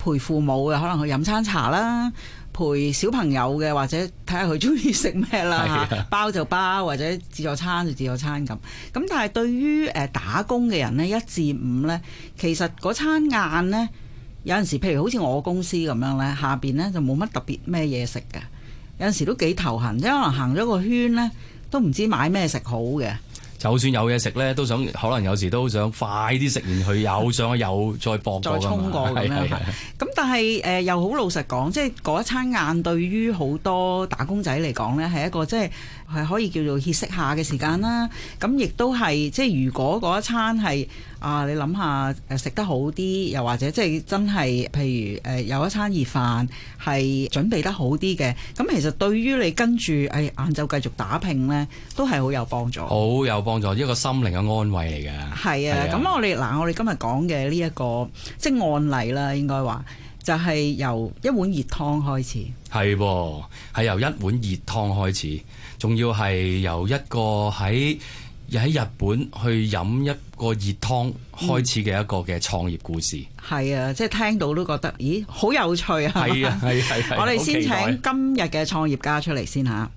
陪父母嘅可能去飲餐茶啦，陪小朋友嘅或者睇下佢中意食咩啦，的包就包或者自助餐就自助餐咁。咁但係對於誒打工嘅人呢，一至五呢，其實嗰餐晏呢，有陣時，譬如好似我公司咁樣呢，下邊呢就冇乜特別咩嘢食嘅，有陣時都幾頭痕，即可能行咗個圈呢，都唔知買咩食好嘅。就算有嘢食呢，都想可能有時都想快啲食完佢， 又上有再搏再衝過去咁樣。咁是但係、呃、 又好老實講，即係嗰一餐晏對於好多打工仔嚟講呢，係一個即係。係可以叫做歇息下嘅時間啦。咁亦都係即係，如果嗰一餐係啊，你諗下誒食得好啲，又或者即係真係，譬如誒、呃、有一餐熱飯係準備得好啲嘅。咁其實對於你跟住誒晏晝繼續打拼呢，都係好有幫助，好有幫助，一個心靈嘅安慰嚟嘅。係啊，咁、啊、我哋嗱，我哋今日講嘅呢一個即係案例啦，應該話就係由一碗熱湯開始。係，係由一碗熱湯開始。仲要係由一個喺日本去飲一個熱湯開始嘅一個嘅創業故事，係、嗯、啊，即係聽到都覺得，咦，好有趣啊！係啊，係係、啊，啊、 我哋先請今日嘅創業家出嚟先吓。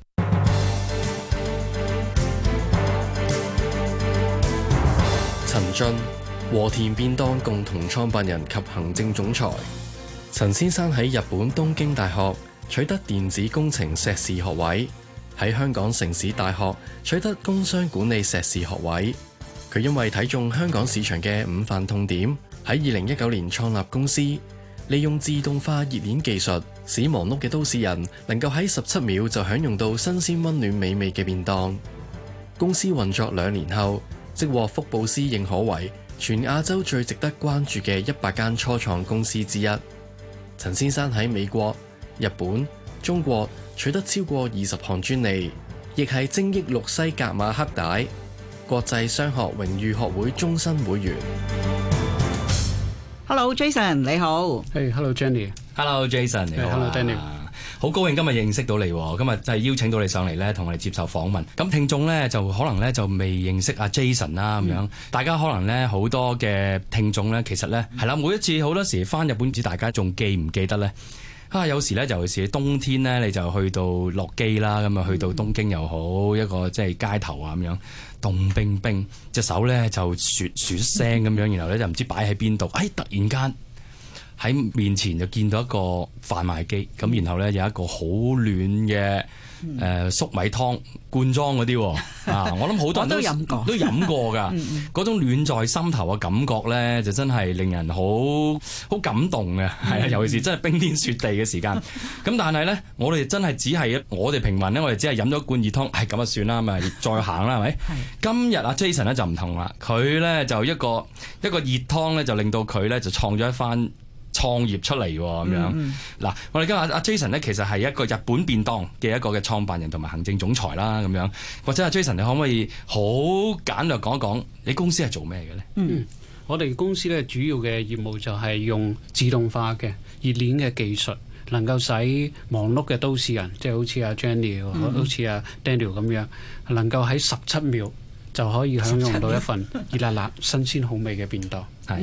陳、嗯、雋和田便當共同創辦人及行政總裁陳先生喺日本東京大學取得電子工程碩士學位。喺香港城市大學取得工商管理碩士學位，佢因為睇中香港市場嘅午飯痛點，喺二零一九年創立公司，利用自動化熱鏈技術，使忙碌嘅都市人能夠喺十七秒就享用到新鮮溫暖美味嘅便當。公司運作兩年後，即獲福布斯認可為全亞洲最值得關注嘅一百間初創公司之一。陳先生喺美國、日本、中國。取得超過二十項專利，亦係精益六西格瑪黑帶、國際商學榮譽學會終身會員。Hello Jason，你好。Hey, Hello Jenny。Hello Jason，你好。Hey, Hello Jenny，好高興今日認識到你。今日就係邀請到你上嚟咧，同我哋接受訪問。咁聽眾咧就可能咧就未認識阿 Jason 啦咁樣。Mm hmm. 大家可能咧好多嘅聽眾咧，其實咧係啦，mm hmm. 每一次好多時翻日本，唔知大家仲記唔記得咧？啊！有時咧尤其是冬天咧，你就去到落機啦，咁啊去到東京又好，一個即係街頭啊咁樣，凍冰冰，隻手咧就雪雪聲咁樣，然後咧就唔知擺喺邊度，哎！突然間～喺面前就見到一個販賣機咁，然後咧有一個好暖嘅誒、呃、粟米湯罐裝嗰啲啊，我諗好多人都都飲過噶，嗰 種暖在心頭嘅感覺咧，就真係令人好好感動嘅，係啊，尤其是真係冰天雪地嘅時間。咁 但係咧，我哋真係只係我哋平民咧，我哋只係飲咗罐熱湯，係、哎、咁 是的 啊算啦，咪再行啦，係咪？今日阿 Jason 咧就唔同啦，佢咧就一個一個，一個熱湯咧就令到佢咧就創咗一番。創業出嚟喎，咁樣嗱，我哋今日阿 Jason 咧，其實係一個日本便當嘅一個嘅創辦人同埋行政總裁啦，咁樣或者阿 Jason，你可唔可以好簡略講一講你公司係做咩嘅咧？嗯，我哋公司咧主要嘅業務就係用自動化嘅熱鏈嘅技術，能夠使忙碌嘅都市人，即係好似阿 Jenny，好似阿 Daniel 咁樣，能夠喺十七秒，就可以享用到一份熱辣辣、新鮮好味嘅便當。係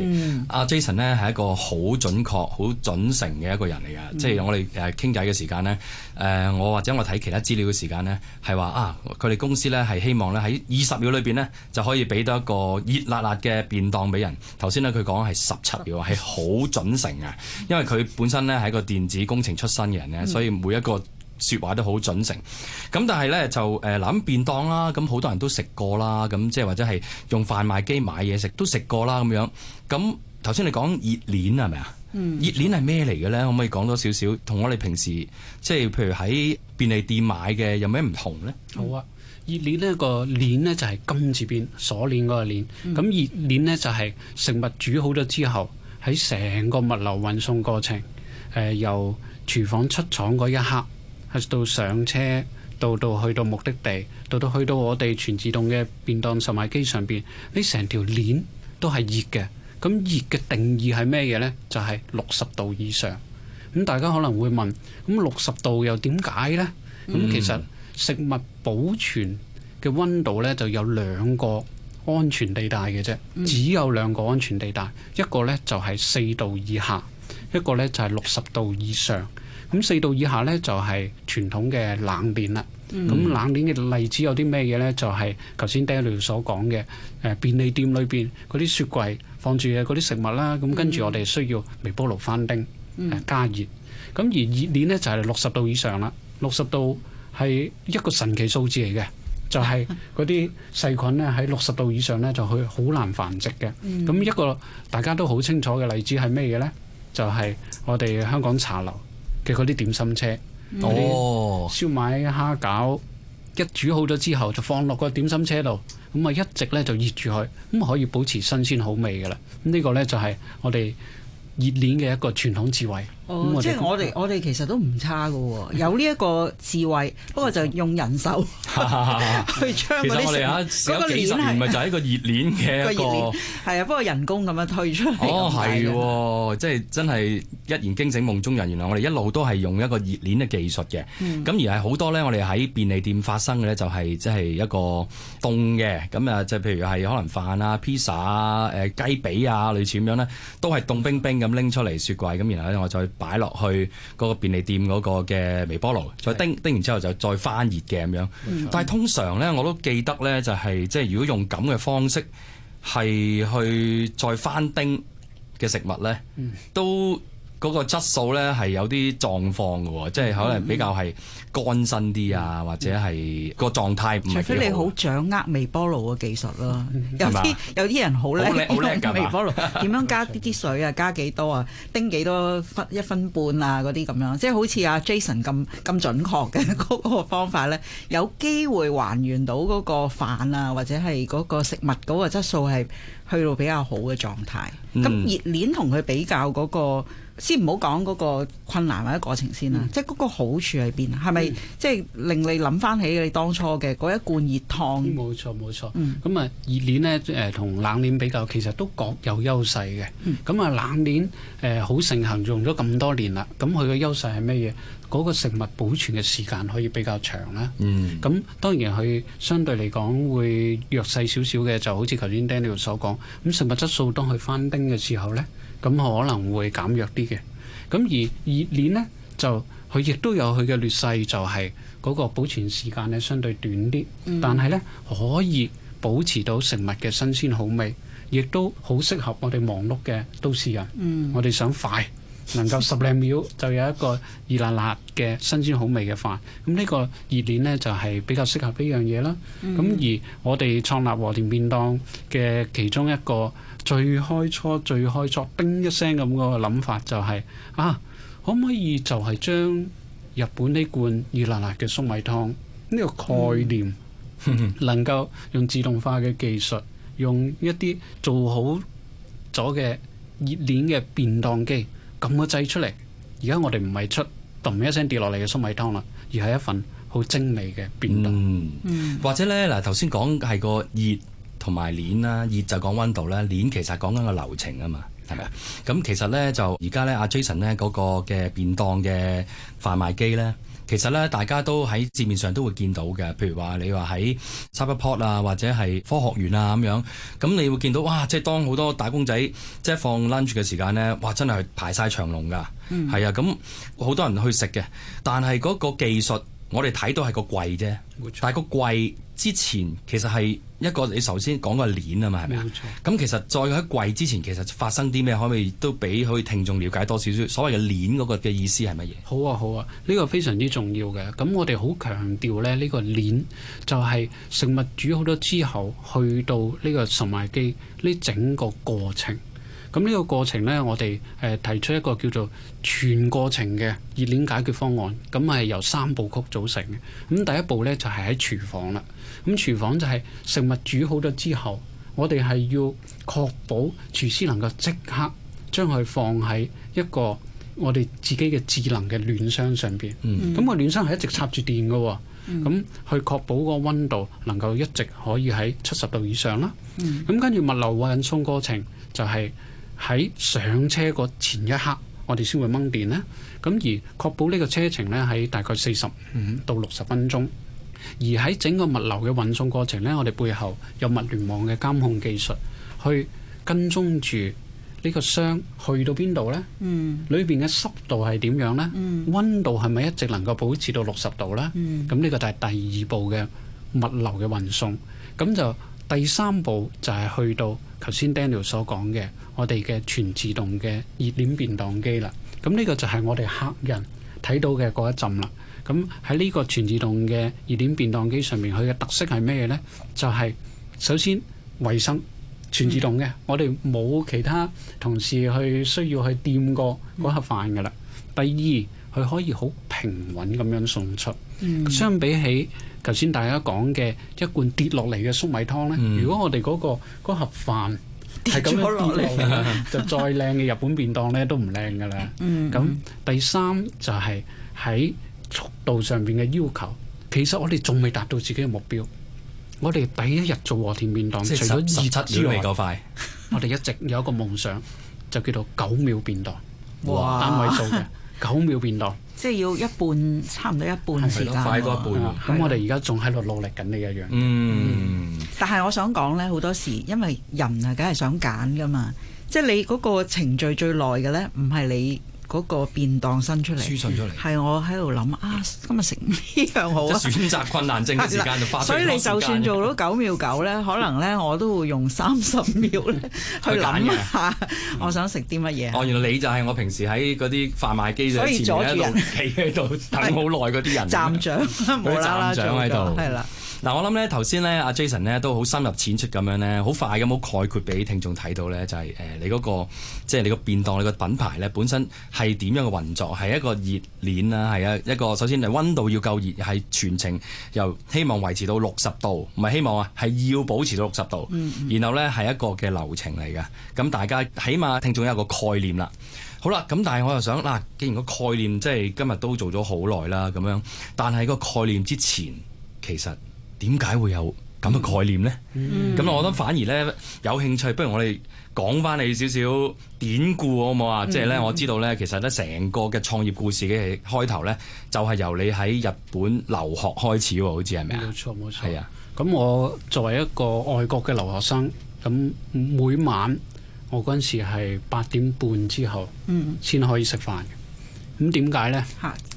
阿是、嗯、Jason 呢，係一個好準確、好準成嘅一個人嚟噶。嗯、即係我哋誒傾偈嘅時間呢，誒、呃、我或者我睇其他資料嘅時間呢，係話啊，佢哋公司呢係希望呢喺二十秒裏邊呢就可以俾到一個熱辣辣嘅便當俾人。頭先呢，佢講係十七秒，係好、嗯、準成啊。因為佢本身呢係一個電子工程出身嘅人呢，嗯、所以每一個。説話都好準成，咁，但係咧就誒嗱、呃、便當啦，咁好多人都食過啦，咁即係或者係用販賣機買嘢食都食過啦，咁樣，咁頭先你講熱鏈係咪啊？是是嗯、熱鏈係咩嚟嘅咧？可唔、嗯、可以講多少少同我哋平時即係譬如喺便利店買嘅有咩唔同咧？好啊，熱鏈呢個鏈呢，嗯、鍊鍊就係金字邊鎖鏈嗰個鏈，咁熱鏈呢，就係食物煮好咗之後喺成個物流運送過程，誒、呃、由廚房出廠嗰一刻。係到上車，到到去到目的地，到到去到我哋全自動嘅便當售賣機上邊，你成條鏈都係熱嘅。咁熱嘅定義係咩嘢呢？就係六十度以上。咁大家可能會問，咁六十度又點解呢？咁、mm. 其實食物保存嘅溫度呢，就有兩個安全地帶嘅啫，mm. 只有兩個安全地帶。一個呢就係四度以下，一個呢就係六十度以上。咁四度以下呢，就係傳統嘅冷鏈啦。咁冷鏈嘅例子有啲咩嘢呢？就係頭先 Daniel 所講嘅，誒便利店裏邊嗰啲雪櫃放住嘅嗰啲食物啦。咁跟住我哋需要微波爐翻叮誒加熱。咁而熱鏈呢就係六十度以上啦。六十度係一個神奇數字嚟嘅，就係嗰啲細菌呢喺六十度以上呢就去好難繁殖嘅。咁一個大家都好清楚嘅例子係咩嘢呢？就係我哋香港茶樓。嘅嗰啲點心車，嗰啲燒賣、蝦餃，一煮好咗之後就放落個點心車度，咁啊一直咧就熱住佢，咁可以保持新鮮好味㗎喇。呢個咧就係我哋熱鏈嘅一個傳統智慧。哦，即係我哋我哋其實都唔差㗎喎，有呢一個智慧，不過就用人手去將嗰啲嗰個鏈唔係就係一個熱鏈嘅個係啊，不過人工咁樣推出嚟哦，係喎，即係真係一言驚醒夢中人，原來我哋一路都係用一個熱鏈嘅技術嘅，咁而係好多咧，我哋喺便利店發生嘅咧就係即係一個凍嘅咁啊，即係譬如係可能飯啊、披薩啊、誒雞髀啊類似咁樣咧，都係凍冰冰咁拎出嚟雪櫃咁，然後咧我再。擺落去嗰個便利店嗰個嘅微波爐，再叮，叮完之後就再翻熱嘅咁樣。但係通常呢，我都記得呢，就係即係如果用咁嘅方式係去再翻叮嘅食物呢，都。嗰個質素咧係有啲狀況嘅喎，即係可能比較係乾身啲啊，或者係個狀態唔同。除非你好掌握微波爐嘅技術咯，有啲有啲人好叻，微波爐點樣加啲啲水啊，加幾多啊，叮幾多分一分半啊嗰啲咁樣，即係好似阿 Jason 咁咁準確嘅嗰個方法咧，有機會還原到嗰個飯啊，或者係嗰個食物嗰個質素係去到比較好嘅狀態。咁熱鏈同佢比較嗰個。先唔好講嗰個困難或者過程先啦，即係嗰個好處喺邊啊？係咪即係令你諗翻起你當初嘅嗰一罐熱湯？冇錯冇錯。咁啊，熱鏈咧誒同冷鏈比較，其實都各有優勢嘅。咁啊，冷鏈誒好盛行用咗咁多年啦。咁佢嘅優勢係咩嘢？嗰個食物保存嘅時間可以比較長啦。咁當然佢相對嚟講會弱勢少少嘅，就好似頭先 Daniel 所講。咁食物質素當佢翻叮嘅時候咧，咁可能會減弱啲嘅，咁而熱鏈呢就佢亦都有佢嘅劣勢，就係嗰個保存時間呢相對短啲，但係呢可以保持到食物嘅新鮮好味，亦都好適合我哋忙碌嘅都市人。我哋想快，能夠十零秒就有一個熱辣辣嘅新鮮好味嘅飯，咁呢個熱鏈呢就係比較適合呢樣嘢啦。咁而我哋創立和田弁當嘅其中一個。最開初、最開初，叮一聲咁個諗法就係、是、啊，可唔可以就係將日本呢罐熱辣辣嘅粟米湯呢、這個概念，嗯、能夠用自動化嘅技術，用一啲做好咗嘅熱鏈嘅便當機咁個製出嚟？而家我哋唔係出噹一聲跌落嚟嘅粟米湯啦，而係一份好精美嘅便當。嗯嗯、或者呢，嗱，頭先講係個熱。同埋鏈啦，熱就講温度啦。鏈其實講緊個流程啊嘛，係咪啊？咁其實咧就而家咧，阿 Jason 咧嗰個嘅便當嘅販賣機咧，其實咧大家都喺市面上都會見到嘅。譬如話你話喺 Cyberport 啊，或者係科學園啊咁樣，咁你會見到哇，即係當好多打工仔即係放 lunch 嘅時間咧，哇，真係排晒長龍㗎，係、嗯、啊，咁好多人去食嘅，但係嗰個技術。我哋睇到係個櫃啫，錯但係個櫃之前其實係一個，你首先講個鏈啊嘛，係咪啊？咁其實再喺櫃之前其實發生啲咩，可唔可以都俾佢聽眾了解多少少？所謂嘅鏈嗰個嘅意思係乜嘢？好啊好啊，呢、這個非常之重要嘅。咁我哋好強調咧，呢、這個鏈就係食物煮好咗之後去到呢個售賣機呢整個過程。咁呢個過程呢，我哋誒、呃、提出一個叫做全過程嘅熱鏈解決方案。咁係由三部曲組成嘅。咁、嗯、第一步呢，就係喺廚房啦。咁、嗯、廚房就係食物煮好咗之後，我哋係要確保廚師能夠即刻將佢放喺一個我哋自己嘅智能嘅暖箱上邊、mm. 嗯。嗯。咁個暖箱係一直插住電㗎喎、哦 mm. 嗯。嗯。咁去確保個温度能夠一直可以喺七十度以上啦。嗯。咁跟住物流運送過程就係。喺上車嗰前一刻，我哋先會掹電呢。咁而確保呢個車程呢，喺大概四十五到六十分鐘。而喺整個物流嘅運送過程呢，我哋背後有物聯網嘅監控技術去跟蹤住呢個箱去到邊度呢。嗯。裏邊嘅濕度係點樣呢？嗯。温度係咪一直能夠保持到六十度呢？嗯。咁呢個就係第二步嘅物流嘅運送。咁就第三步就係去到。頭先 Daniel 所講嘅，我哋嘅全自動嘅熱鏈便當機啦，咁呢個就係我哋客人睇到嘅嗰一陣啦。咁喺呢個全自動嘅熱鏈便當機上面，佢嘅特色係咩呢？就係、是、首先衞生，全自動嘅，嗯、我哋冇其他同事去需要去掂過嗰盒飯嘅啦。嗯、第二，佢可以好平穩咁樣送出，嗯、相比起。頭先大家講嘅一罐跌落嚟嘅粟米湯咧，如果我哋嗰個嗰盒飯係咁樣跌落嚟，就再靚嘅日本便當咧都唔靚㗎喇。咁第三就係喺速度上邊嘅要求，其實我哋仲未達到自己嘅目標。我哋第一日做和田便當，除咗二七秒未夠快，我哋一直有一個夢想，就叫做九秒便當，哇，單位數嘅九秒便當。即係要一半，差唔多一半時間。對吧快過一半，咁我哋而家仲喺度努力緊呢一樣。嗯。但係我想講咧，好多時因為人啊，梗係想揀㗎嘛。即係你嗰個程序最耐嘅咧，唔係你。嗰個便當伸出嚟，輸進出嚟，係我喺度諗啊！今日食咩樣好啊？選擇困難症嘅時間就發生。所以你就算做到九秒九咧，可能咧我都會用三十秒咧去諗一下，我想食啲乜嘢。哦，原來你就係我平時喺嗰啲販賣機前面喺度企喺度等好耐嗰啲人。站長冇啦，站長喺度，係啦。嗱、啊，我諗咧，頭先咧，阿 Jason 咧都好深入淺出咁樣咧，好快咁好概括俾聽眾睇到咧，就係、是、誒、呃，你嗰、那個即係你個便當，你個品牌咧本身係點樣嘅運作？係一個熱鏈啦，係一一個首先係温度要夠熱，係全程又希望維持到六十度，唔係希望啊，係要保持到六十度。嗯嗯然後咧係一個嘅流程嚟嘅，咁大家起碼聽眾有個概念啦。好啦，咁但係我又想啦，嗱、啊，既然個概念即係今日都做咗好耐啦，咁樣，但係個概念之前其實。點解會有咁嘅概念呢？咁、嗯、我覺得反而咧有興趣，不如我哋講翻你少少典故好唔好啊？即係咧，我知道咧，其實咧成個嘅創業故事嘅開頭咧，就係由你喺日本留學開始喎，好似係咪？冇錯，冇錯。係啊，咁我作為一個外國嘅留學生，咁每晚我嗰陣時係八點半之後，嗯，先可以食飯嘅。咁點解呢？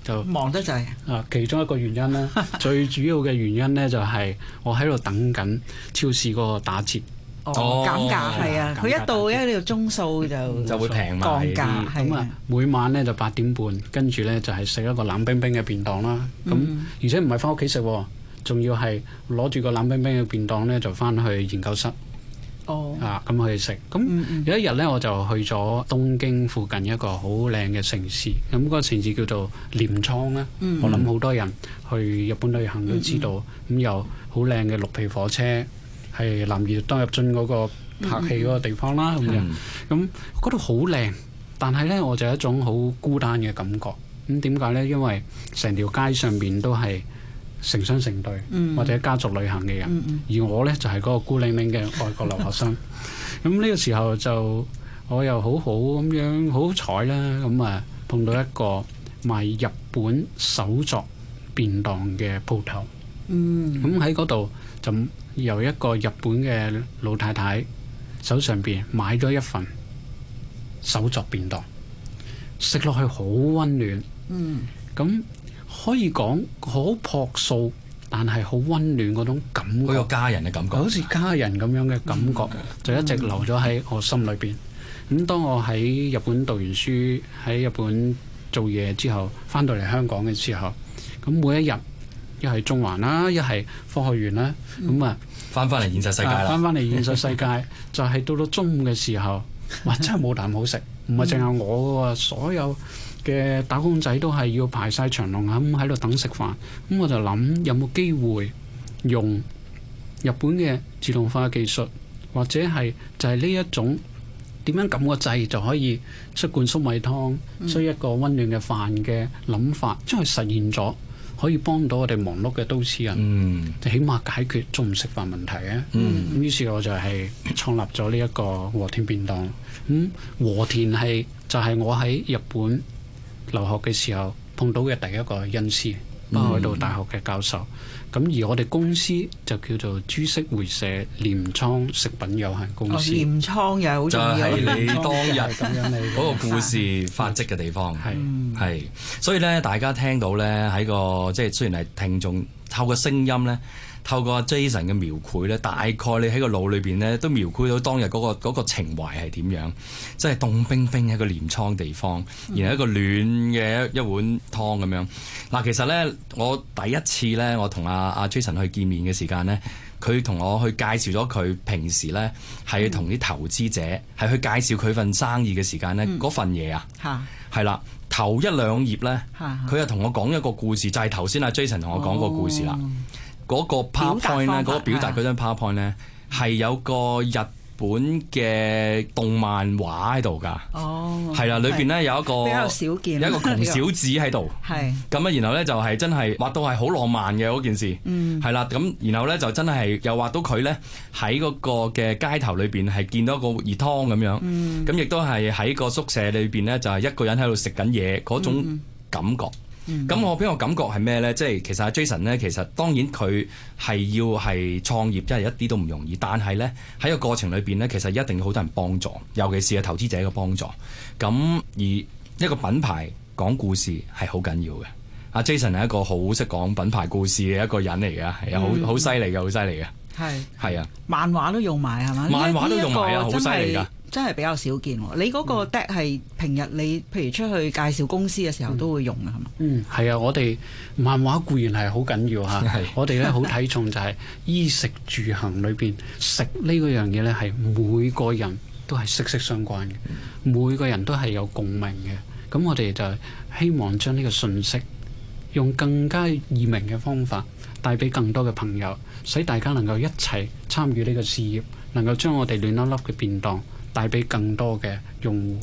就忙得滯啊！其中一個原因啦，最主要嘅原因咧就係我喺度等緊超市嗰個打折，減價係啊！佢一到一到鐘數就就會平降價咁啊！每晚咧就八點半，跟住咧就係食一個冷冰冰嘅便當啦。咁而且唔係翻屋企食，仲要係攞住個冷冰冰嘅便當咧就翻去研究室。哦，咁去食，咁有一日呢，我就去咗東京附近一個好靚嘅城市，咁、嗰個城市叫做鎌倉咧。Mm hmm. 我諗好多人去日本旅行都知道，咁、mm hmm. 嗯、有好靚嘅綠皮火車，係男兒當入樽嗰個拍戲嗰個地方啦，咁樣、mm，咁嗰度好靚，但係呢，我就有一種好孤單嘅感覺。咁點解呢？因為成條街上面都係。成雙成對，嗯、或者家族旅行嘅人，嗯嗯、而我呢，就係、是、嗰個孤零零嘅外國留學生。咁呢 個時候就我又好好咁樣，好彩啦。咁啊碰到一個賣日本手作便當嘅鋪頭。嗯，咁喺嗰度就由一個日本嘅老太太手上邊買咗一份手作便當，食落去好温暖。嗯，咁。可以講好樸素，但係好温暖嗰種感覺。嗰個家人嘅感覺，好似家人咁樣嘅感覺，嗯、就一直留咗喺我心裏邊。咁、嗯嗯、當我喺日本讀完書，喺日本做嘢之後，返到嚟香港嘅時候，咁每一日一係中環啦，一係科學園啦，咁啊返返嚟現實世界啦，返返嚟現實世界， 就係到到中午嘅時候，哇！真係冇啖好食，唔係淨係我所有。嘅打工仔都係要排曬長龍，咁喺度等食飯，咁我就諗有冇機會用日本嘅自動化技術，或者係就係呢一種點樣撳個掣就可以出罐粟米湯，出一個溫暖嘅飯嘅諗法，將佢、嗯、實現咗，可以幫到我哋忙碌嘅都市人，嗯、就起碼解決中午食飯問題啊，咁於、嗯、是我就係創立咗呢一個和田便當，咁、嗯、和田係就係、是、我喺日本。留學嘅時候碰到嘅第一個恩師，北海道大學嘅教授。咁而我哋公司就叫做株式會社鎌倉食品有限公司。鎌倉又好重要，就係你當日噉樣嚟嗰個故事發跡嘅地方。係係，所以咧大家聽到咧喺個即係雖然係聽眾，透過聲音咧。透過阿 Jason 嘅描繪咧，大概你喺個腦裏邊咧，都描繪到當日嗰個情懷係點樣，即係凍冰冰一個鎌倉地方，然後一個暖嘅一碗湯咁樣。嗱，其實咧，我第一次咧，我同阿阿 Jason 去見面嘅時間咧，佢同我去介紹咗佢平時咧係同啲投資者係去介紹佢份生意嘅時間咧，嗰份嘢啊，係啦，頭一兩頁咧，佢又同我講一個故事，就係頭先阿 Jason 同我講個故事啦。嗰個 PowerPoint 咧，嗰個表達嗰張 PowerPoint 咧，係、啊、有個日本嘅動漫畫喺度㗎。哦、oh，啊，係啦，裏邊咧有一個比較少見，有一個窮小子喺度。係咁啊，然後咧就係、是、真係畫到係好浪漫嘅嗰件事。嗯、mm。啊，係啦，咁然後咧就真係又畫到佢咧喺嗰個嘅街頭裏邊係見到個熱湯咁樣。咁亦都係喺個宿舍裏邊咧就係、是、一個人喺度食緊嘢嗰種感覺。Mm. 咁、mm hmm. 我俾我感覺係咩呢？即係其實阿 Jason 呢，其實當然佢係要係創業真係、就係、一啲都唔容易，但係呢，喺個過程裏邊呢，其實一定要好多人幫助，尤其是係投資者嘅幫助。咁而一個品牌講故事係好緊要嘅。阿 Jason 係一個好識講品牌故事嘅一個人嚟嘅，係好好犀利嘅，好犀利嘅。係，係是啊，漫畫都用埋係嘛？漫畫都用埋啊，好犀利㗎！真係比較少見。你嗰個 deck 係平日你譬如出去介紹公司嘅時候都會用嘅係嘛？嗯，係嗎、嗯、啊，我哋漫畫固然係好緊要吓，的的我哋咧好睇重就係、是、 衣食住行裏邊食呢個樣嘢咧，係每個人都係息息相關嘅，嗯、每個人都係有共鳴嘅。咁我哋就希望將呢個信息用更加易明嘅方法帶俾更多嘅朋友。使大家能夠一齊參與呢個事業，能夠將我哋暖粒粒嘅便當帶畀更多嘅用戶。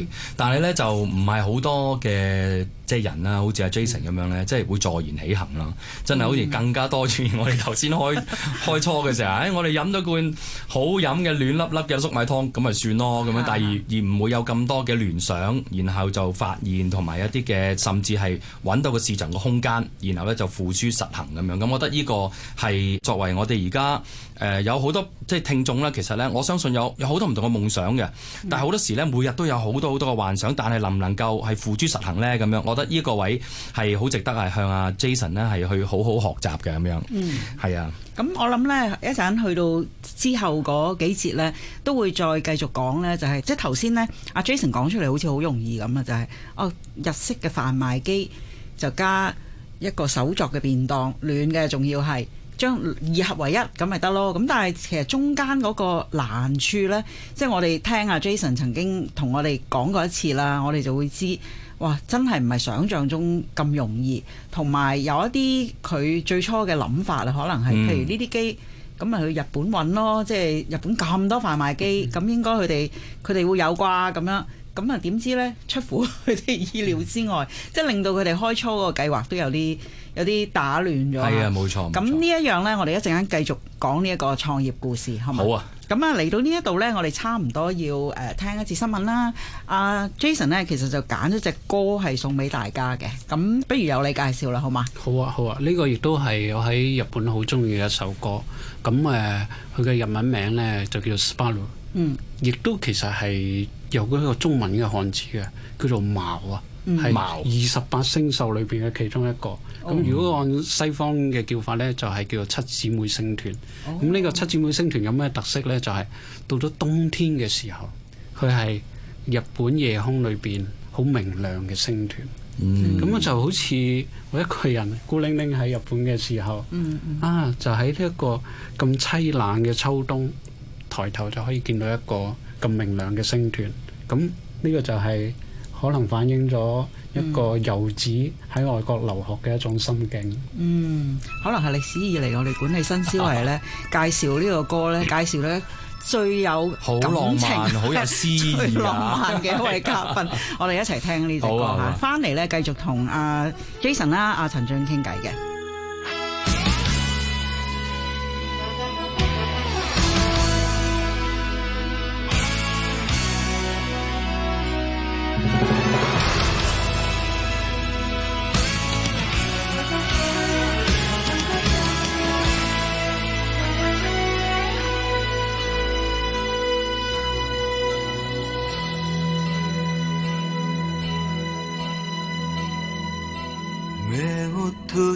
係，但係咧就唔係好多嘅。即係人啊，好似阿 Jason 咁樣咧，嗯、即係會坐言起行啦、啊。真係好似更加多轉。我哋頭先開 開初嘅時候，哎、我哋飲咗罐好飲嘅暖粒粒嘅粟米湯，咁咪算咯。咁樣，但而而唔會有咁多嘅聯想，然後就發現同埋一啲嘅，甚至係揾到個市場個空間，然後咧就付諸實行咁樣。咁我覺得呢個係作為我哋而家誒有好多即係聽眾啦。其實咧，我相信有有好多唔同嘅夢想嘅，但係好多時咧，每日都有好多好多嘅幻想，但係能唔能夠係付諸實行咧？咁樣我。覺得呢個位係好值得係向阿 Jason 呢係去好好學習嘅咁樣，係、嗯、啊。咁我諗呢一陣去到之後嗰幾節呢，都會再繼續講呢，就係即係頭先呢，阿、就是、Jason 講出嚟好似好容易咁啊，就係、是、哦日式嘅販賣機就加一個手作嘅便當，暖嘅仲要係將二合為一咁咪得咯。咁但係其實中間嗰個難處呢，即、就、係、是、我哋聽阿 Jason 曾經同我哋講過一次啦，我哋就會知。哇！真係唔係想象中咁容易，同埋有一啲佢最初嘅諗法啊，可能係譬如呢啲機咁咪去日本揾咯，即係日本咁多販賣機，咁應該佢哋佢哋會有啩咁樣，咁啊點知呢出乎佢哋意料之外，即係令到佢哋開初個計劃都有啲有啲打亂咗。係啊，冇錯。咁呢一樣呢，我哋一陣間繼續講呢一個創業故事，好唔好？好啊。咁啊，嚟到呢一度呢，我哋差唔多要誒聽一次新聞啦。阿、uh, Jason 呢，其實就揀咗隻歌係送俾大家嘅，咁不如由你介紹啦，好嘛？好啊，好啊，呢、呢個亦都係我喺日本好中意嘅一首歌。咁誒，佢、呃、嘅日文名呢，就叫做《Sparrow》，嗯，亦都其實係有嗰個中文嘅漢字嘅，叫做「矛」啊。係二十八星宿裏邊嘅其中一個。咁如果按西方嘅叫法呢，就係、是、叫做七姊妹星團。咁呢個七姊妹星團有咩特色呢？就係、是、到咗冬天嘅時候，佢係日本夜空裏邊好明亮嘅星團。咁我、嗯、就好似我一個人孤零零喺日本嘅時候，嗯嗯啊，就喺呢一個咁凄冷嘅秋冬，抬頭就可以見到一個咁明亮嘅星團。咁呢個就係、是。可能反映咗一個遊子喺外國留學嘅一種心境。嗯，可能係歷史以嚟我哋管理新思維咧， 介紹呢個歌咧，介紹咧最有浪漫、好有詩意、浪漫嘅、啊、一位嘉賓， 我哋一齊聽呢隻歌。翻嚟咧，繼續同阿 Jason 啦、阿陳隽傾偈嘅。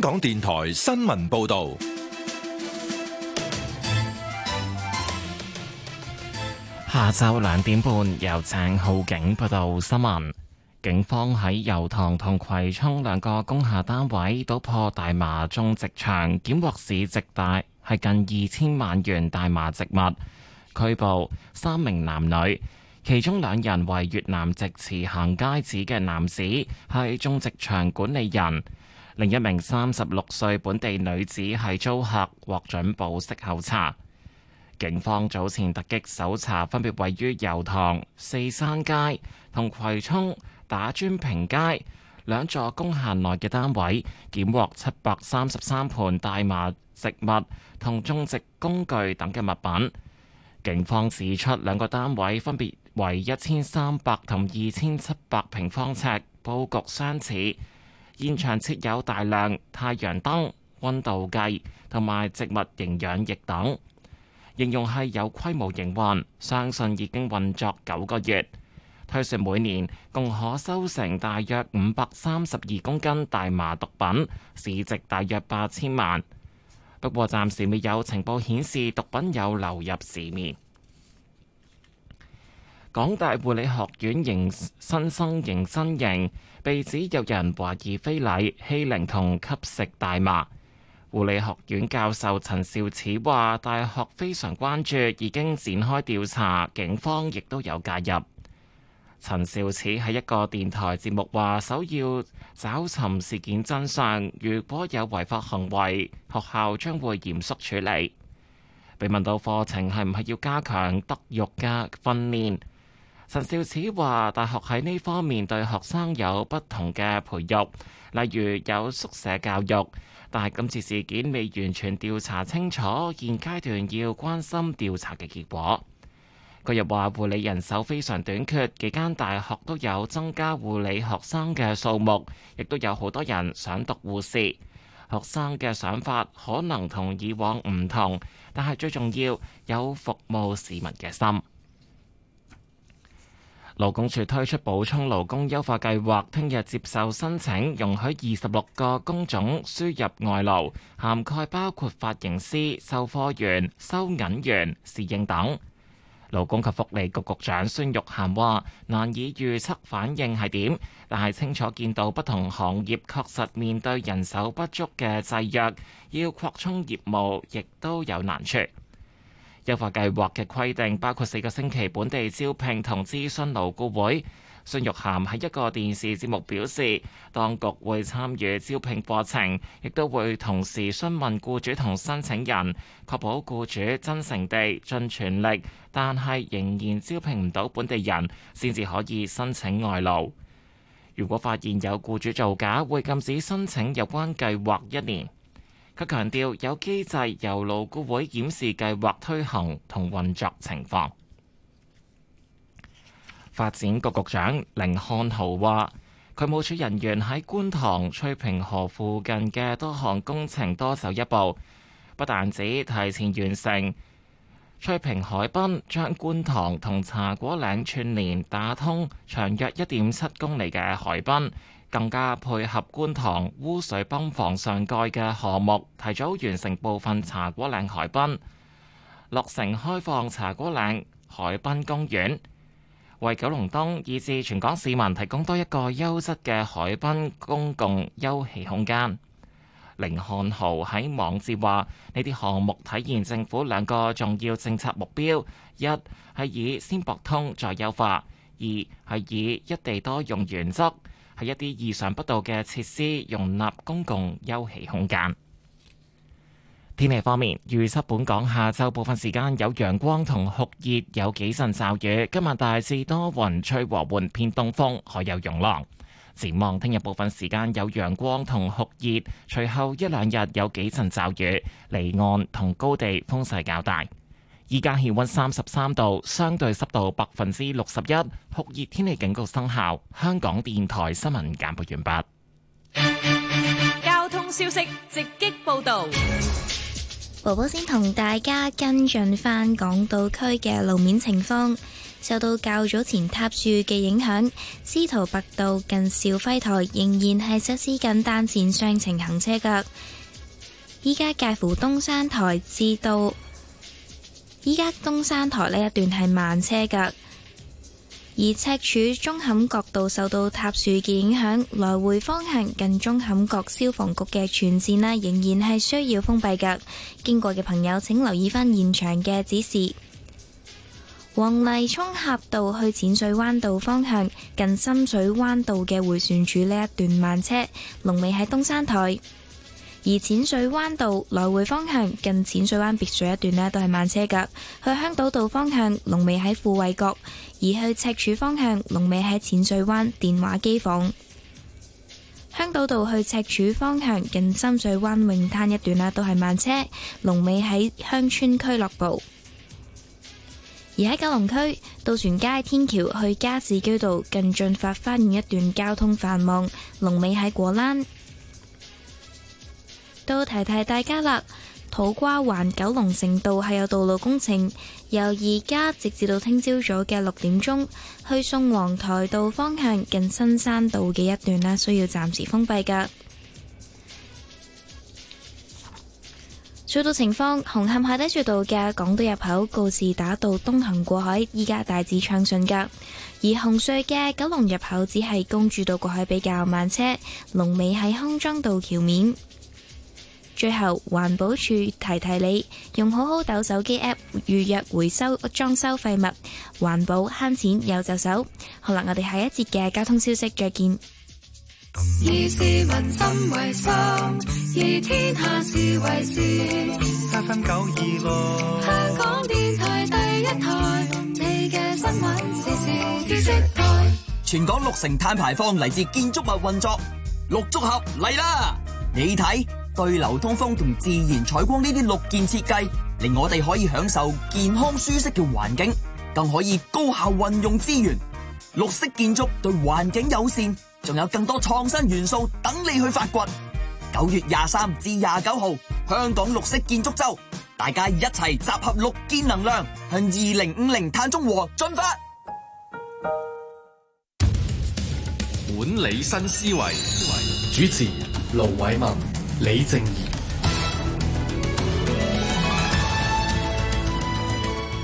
香港電台新聞報道，下晝兩點半由鄭浩景報道新聞。警方喺油塘同葵涌兩個工廈單位搗破大麻種植場，檢獲市值大系近二千萬元大麻植物，拘捕三名男女，其中兩人為越南籍持行街紙嘅男子，係種植場管理人。另一名三十六歲本地女子係租客，獲准保釋候查。警方早前突擊搜查分別，分別位於油塘四山街同葵涌打磚坪街兩座工廈內嘅單位，檢獲七百三十三盤大麻植物同種植工具等嘅物品。警方指出，兩個單位分別為一千三百同二千七百平方尺，佈局相似。現場設有大量太陽燈、溫度計同埋植物營養液等，形容係有規模營運，相信已經運作九個月。推算每年共可收成大約五百三十二公斤大麻毒品，市值大約八千萬。不過暫時未有情報顯示毒品有流入市面。港大護理學院迎新生迎新型。被指有人懷疑非禮、欺凌同吸食大麻，護理學院教授陳肇始話：大學非常關注，已經展開調查，警方亦都有介入。陳肇始喺一個電台節目話：首要找尋事件真相，如果有違法行為，學校將會嚴肅處理。被問到課程係唔係要加強德育嘅訓練？陳肇始話：大學喺呢方面對學生有不同嘅培育，例如有宿舍教育。但係今次事件未完全調查清楚，現階段要關心調查嘅結果。佢又話護理人手非常短缺，幾間大學都有增加護理學生嘅數目，亦都有好多人想讀護士。學生嘅想法可能同以往唔同，但係最重要有服務市民嘅心。勞工處推出補充勞工優化計劃，聽日接受申請，容許二十六個工種輸入外勞，涵蓋包括髮型師、售貨員、收銀員、侍應等。勞工及福利局局長孫玉菡話：難以預測反應係點，但係清楚見到不同行業確實面對人手不足嘅制約，要擴充業務亦都有難處。優化計劃嘅規定包括四個星期本地招聘同諮詢勞顧會。孫玉菡喺一個電視節目表示，當局會參與招聘過程，亦都會同時詢問僱主同申請人，確保僱主真誠地盡全力，但係仍然招聘唔到本地人，先至可以申請外勞。如果發現有僱主造假，會禁止申請有關計劃一年。佢強調有機制由勞顧委檢視計劃推行同運作情況。發展局局長甯漢豪話：渠務署人員喺觀塘翠屏河附近嘅多項工程多走一步，不但止提前完成。翠屏海濱將觀塘同茶果嶺串連打通，長約一點七公里嘅海濱，更加配合觀塘污水泵房上蓋嘅項目，提早完成部分茶果嶺海濱，落成開放茶果嶺海濱公園，為九龍東以至全港市民提供多一個優質嘅海濱公共休憩空間。凌漢豪喺網誌話：呢啲項目體現政府兩個重要政策目標，一係以先駁通再優化，二係以一地多用原則，喺一啲意想不到嘅設施容納公共休憩空間。天氣方面，預測本港下晝部分時間有陽光同酷熱，有幾陣驟雨。今日大致多雲，吹和緩偏東風，可有湧浪。展望聽日部分時間有陽光同酷熱，隨後一兩日有幾陣驟雨，離岸同高地風勢較大。依家氣溫三十三度，相對濕度百分之六十一，酷熱天氣警告生效。香港電台新聞簡報完畢。交通消息直擊報道，寶寶先同大家跟進返港島區嘅路面情況。受到較早前塌樹嘅影響，司徒拔道近兆輝台仍然係實施緊單線雙程行車噶。依家介乎東山台至到依家東山台呢一段係慢車噶，而赤柱舂坎角道受到塌樹嘅影響，來回方向近舂坎角消防局嘅全線呢仍然係需要封閉噶。經過嘅朋友請留意返現場嘅指示。黃泥涌峽道去淺水灣道方向，近深水灣道嘅回旋處呢一段慢車，龍尾喺東山台；而淺水灣道來回方向，近淺水灣別墅一段呢都係慢車噶。去香島道方向，龍尾喺富衛閣；而去赤柱方向，龍尾喺淺水灣電話機房。香島道去赤柱方向，近深水灣泳灘一段呢都係慢車，龍尾喺鄉村俱樂部。而喺九龍區渡船街天橋去加士居道近駿發花園一段交通繁忙，龍尾喺果欄。都提提大家啦，土瓜灣九龍城道係有道路工程，由而家直至到聽朝早嘅六點鐘，去宋皇台道方向近新山道嘅一段咧，需要暫時封閉噶。隧道情況，紅磡海底隧道嘅港島入口告士打道東行過海，依家大致暢順噶；而紅隧嘅九龍入口只係公主道過海比較慢車，龍尾喺康莊道橋面。最後，環保署提提你，用好好斗手機 app 預約回收裝修廢物，環保慳錢有就手。好啦，我哋下一節嘅交通消息再見。以市民心為心，以天下事為事。七分九二六、哦，香港電台第一台，園你嘅新聞時事知識台。全港六成碳排放嚟自建築物運作，綠足合嚟啦！你睇，對流通風同自然採光呢啲綠建設計，令我哋可以享受健康舒適嘅環境，更可以高效運用資源。綠色建築對環境友善。仲有更多創新元素等你去發掘。九月廿三至廿九號，香港綠色建築周，大家一齊集合綠建能量，向二零五零碳中和進發。管理新思維，主持盧偉民、李靜宜。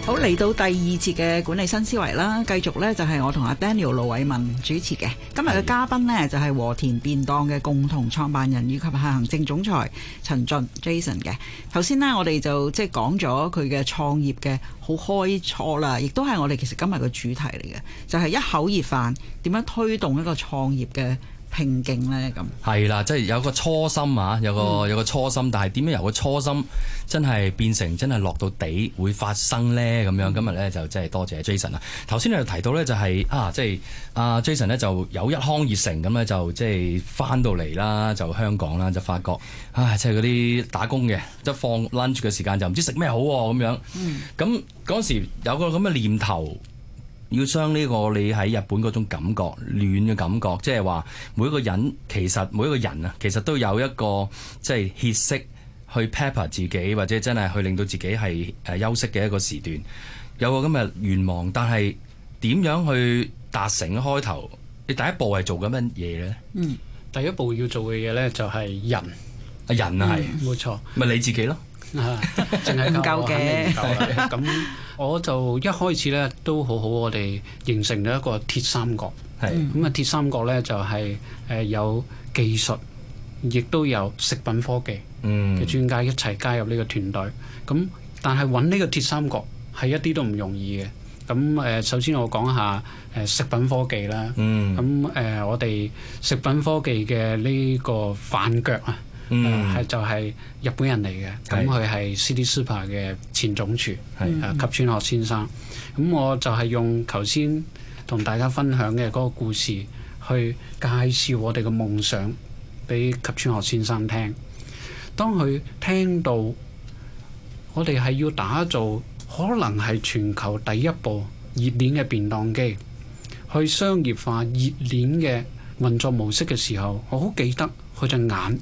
好，嚟到第二節嘅管理新思維啦，繼續呢，就係我同阿 Daniel 盧偉民主持嘅。今日嘅嘉賓呢就係和田弁當嘅共同創辦人以及係行政總裁陳隽 Jason 嘅。頭先呢，我哋就即係講咗佢嘅創業嘅好開初啦，亦都係我哋其實今日嘅主題嚟嘅，就係一口熱飯點樣推動一個創業嘅。拼勁咧咁，係啦，即係有個初心啊，有個有個初心，但係點樣由個初心真係變成真係落到地會發生咧咁樣？今日咧就真係多謝 Jason 啦。頭先你提到咧就係啊，即係阿 Jason 咧就有一腔熱誠，咁咧就即係翻到嚟啦，就香港啦就發覺啊，即係嗰啲打工嘅，即係放 lunch 嘅時間就唔知食咩好咁樣。嗯，咁嗰時有個咁嘅念頭。要將呢個你喺日本嗰種感覺、暖嘅感覺，即係話每一個人其實每一個人啊，其實都有一個即係歇息去 pepper 自己，或者真係去令到自己係誒休息嘅一個時段，有個咁嘅願望。但係點樣去達成開頭？你第一步係做緊乜嘢呢？嗯，第一步要做嘅嘢呢，就係人，人啊是係，嗯，冇錯，咪你自己咯。啊， 淨係唔夠嘅，咁 我就一開始呢，都好好，我哋形成咗一個鐵三角，咁啊的鐵三角呢，就係誒有技術，亦都有食品科技嘅專家一齊加入呢個團隊。咁、嗯、但係揾呢個鐵三角係一啲都唔容易嘅。咁誒首先我講下誒食品科技啦，咁誒、嗯、我哋食品科技嘅呢個飯腳啊。嗯，係就係日本人嚟嘅，咁佢係 City Super 嘅前總廚，係嗎、啊、及川學先生。咁我就係用頭先同大家分享嘅嗰個故事，去介紹我哋嘅夢想俾及川學先生聽。當佢聽到我哋係要打造可能係全球第一部熱鏈嘅便當機，去商業化熱鏈嘅運作模式嘅時候，我好記得佢隻眼。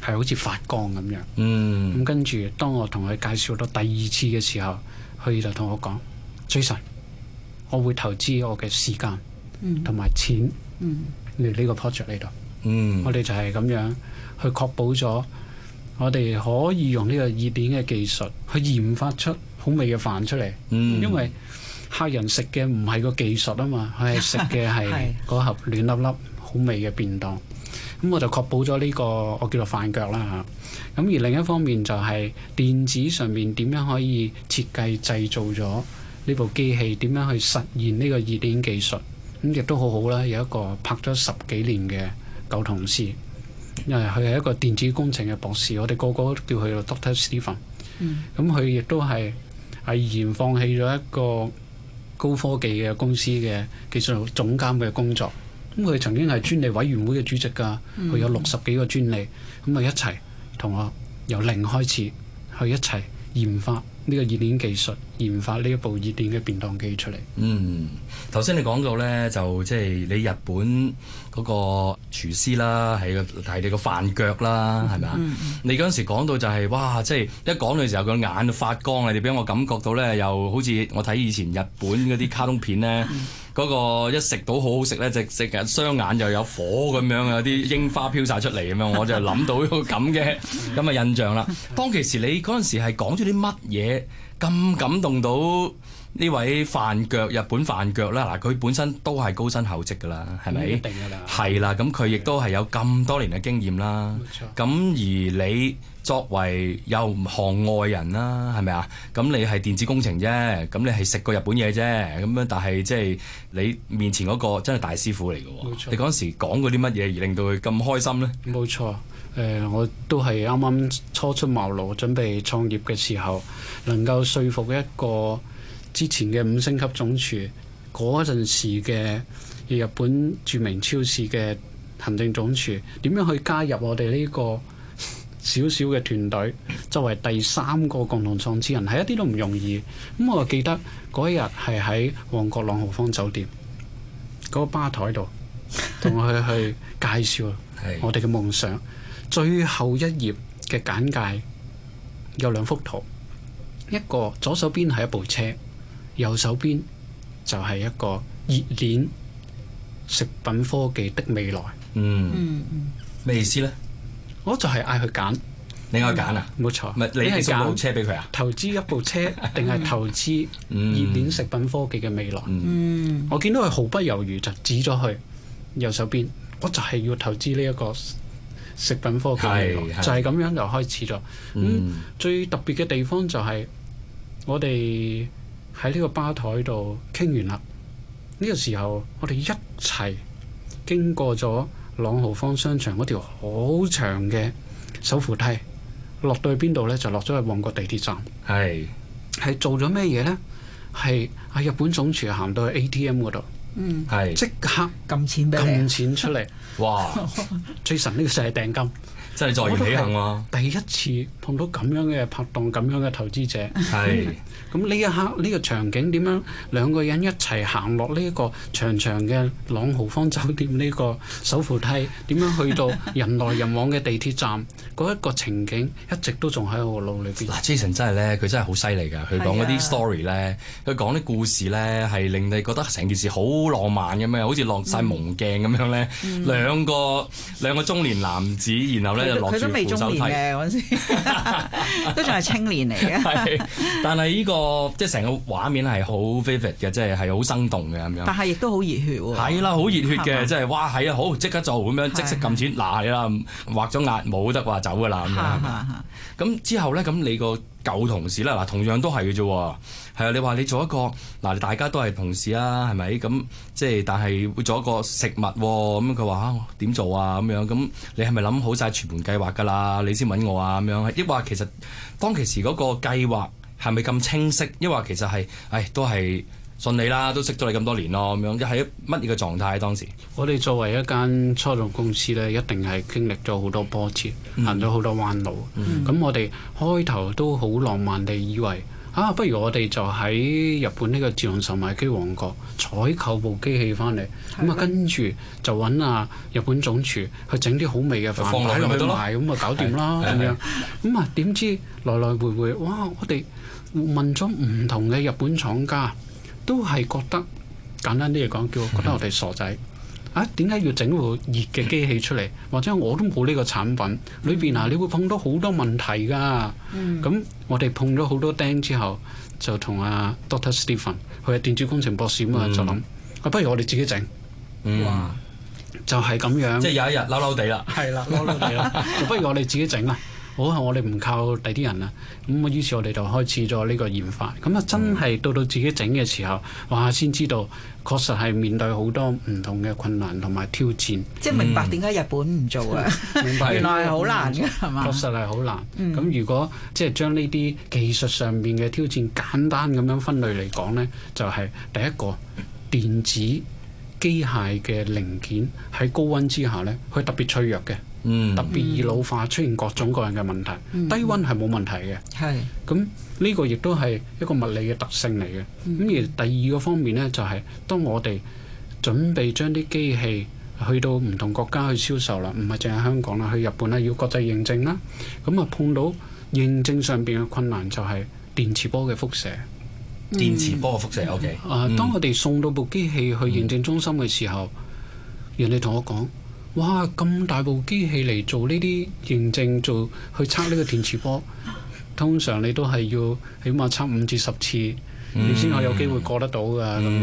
係好似發光咁樣，咁、嗯、跟住，當我同佢介紹到第二次嘅時候，佢就同我講：，Jason 我會投資我嘅時間、嗯，同埋錢嚟呢個 project 呢度。嗯、我哋就係咁樣去確保咗，我哋可以用呢個熱點嘅技術去研發出好味嘅飯出嚟。嗯、因為客人食嘅唔係個技術啊嘛，佢係食嘅係嗰盒暖粒粒好味嘅便當。咁我就確保咗呢、這個我叫做飯腳啦嚇。咁、啊、而另一方面就係電子上面點樣可以設計製造咗呢部機器？點樣去實現呢個熱電技術？咁、嗯、亦、嗯、都好好啦，有一個拍咗十幾年嘅舊同事，因為佢係一個電子工程嘅博士，我哋個個都叫佢 Doctor Stephen。嗯。咁佢亦都係毅然放棄咗一個高科技嘅公司嘅技術總監嘅工作。咁佢曾經係專利委員會嘅主席㗎，佢有六十幾個專利，咁咪一齊同我由零開始去一齊研發呢個熱鏈技術，研發呢一部熱鏈嘅便當機出嚟。嗯，頭先你講到呢，就即係你日本。嗰個廚師啦，係睇你個飯腳啦，係咪啊？ 你嗰陣時講到就係，哇，即係一講嘅時候個眼都發光啊！你俾我感覺到咧，又好似我睇以前日本嗰啲卡通片咧，嗰 個一食到好好食咧，隻隻雙眼又有火咁樣，有啲櫻花飄晒出嚟咁樣，我就諗到呢個咁嘅咁嘅印象啦。 當其時你嗰陣時係講咗啲乜嘢咁感動到？呢位飯腳日本飯腳啦！嗱，佢本身都係高薪厚職噶啦，係咪？嗯、一定噶啦。係啦，咁佢亦都係有咁多年嘅經驗啦。冇錯錯。咁而你作為又行外人啦，係咪啊？咁你係電子工程啫，咁你係食過日本嘢啫，咁樣。但係即係你面前嗰個真係大師傅嚟㗎喎。冇錯錯。你嗰時講過啲乜嘢而令到佢咁開心呢？冇錯。誒、呃，我都係啱啱初出茅廬，準備創業嘅時候，能夠説服一個。之前嘅五星級總廚嗰陣時嘅，日本著名超市嘅行政總廚點樣去加入我哋呢個少少嘅團隊，作為第三個共同創始人，係一啲都唔容易。咁我記得嗰日係喺旺角朗豪坊酒店嗰、那個吧台度，同佢去介紹我哋嘅夢想 是最後一頁嘅簡介有兩幅圖，一個左手邊係一部車。右手邊就係一個熱鏈食品科技的未來。嗯，咩意思呢？我就係嗌佢揀，你我揀啊，冇錯，咪是你係揀部車俾佢啊，投資一部車定係 投資熱鏈食品科技嘅未來？嗯，嗯我見到佢毫不猶豫就指咗去右手邊，我就係要投資呢一個食品科技未來，就係咁樣就開始咗。咁、嗯、最特別嘅地方就係我哋。喺呢個吧台度傾完啦，呢個時候我哋一齊經過咗朗豪坊商場嗰條好長嘅手扶梯，落到去邊度呢？就落咗去旺角地鐵站。係係是做咗咩嘢呢？係啊，日本總廚行到去 ATM 嗰度，嗯，即是立刻撳錢俾你，撳錢出嚟。 哇！Jason 呢個世係定金，真係坐言起行喎！第一次碰到咁樣嘅拍檔，咁樣嘅投資者係咁，呢一刻呢個場景點樣？兩個人一齊行落呢一個長長嘅朗豪坊酒店呢個手扶梯，點樣去到人來人往嘅地鐵站？嗰一個情景一直都仲喺我腦裏邊。嗱，Jason 真係咧，佢真係好犀利噶！佢講嗰啲 story 咧，佢講啲故事咧，係令你覺得成件事好浪漫咁樣，好似落晒蒙鏡咁樣咧，兩個兩個中年男子，然後咧佢都未中年嘅嗰時，都仲係青年嚟嘅 。但係呢、呢個即係成個畫面係好 vivid 嘅，即係係好生動嘅咁樣。但係亦都好熱血喎。係啦嗎，好熱血嘅，即係哇係啊，好即刻就咁樣即刻撳錢嗱係啦，畫咗押冇得話走噶啦咁樣。咁之後咧，咁你個。舊同事啦，嗱同樣都係嘅啫，係啊！你話你做一個嗱，大家都係同事啊，係咪咁？即係但係會做一個食物咁、啊、樣，佢話嚇點做啊？咁樣咁，你係咪諗好晒全盤計劃㗎啦？你先搵我啊？咁樣，抑或其實當其時嗰個計劃係咪咁清晰？抑或其實係唉、哎，都係。信你啦，都識咗你咁多年咯，咁樣喺乜嘢嘅狀態當時？我哋作為一間初創公司咧，一定係經歷咗好多波折，行咗好多彎路。咁、嗯、我哋開頭都好浪漫地以為啊，不如我哋就喺日本呢個自動售賣機王國採購一部機器翻嚟，咁啊是的 跟住就揾啊日本總廚去整啲好味嘅飯咁啊搞掂啦，咁樣咁啊，點知來來來回回哇，我哋問咗唔同嘅日本廠家。都係覺得簡單啲嘢講，叫覺得我哋傻仔的啊？點解要整部熱嘅機器出嚟？或者我都冇呢個產品裏邊啊，你會碰到好多問題噶。咁、嗯、我哋碰咗好多釘之後，就同阿 Doctor Stephen 佢係電子工程博士啊嘛，就諗啊、嗯，不如我哋自己整。哇、嗯！就係咁樣。 即係有一日嬲嬲哋啦，係啦，嬲嬲哋啦， 不如我哋自己整啦。好係，我哋唔靠第啲人啦，咁我於是，我哋就開始咗呢個研發。咁啊，真係到到自己整嘅時候，哇！先知道確實係面對好多唔同嘅困難同埋挑戰。嗯、即係明白點解日本唔做啊？ 明白的原來係好難嘅，係嘛、嗯？吧確實係好難。咁、嗯、如果即係將呢啲技術上面嘅挑戰簡單咁樣分類嚟講呢，就係、是、第一個電子機械嘅零件喺高溫之下呢，佢特別脆弱嘅。嗯，特別易老化，出現各種各樣嘅問題。低溫係冇問題嘅，係咁呢個亦都係一個物理嘅特性嚟嘅。咁而第二個方面呢，就係當我哋準備將啲機器去到唔同國家去銷售啦，唔係淨係香港啦，去日本啦，要國際認證啦，咁啊碰到認證上面嘅困難就係電磁波嘅輻射。電磁波嘅輻射 O.K. 啊，當我哋送到部機器去認證中心嘅時候，人哋同我講。哇！咁大部機器嚟做呢啲認證，做去測呢個電磁波， 通常你都係要起碼測五至十次，你先可有機會過得到噶。咁咁、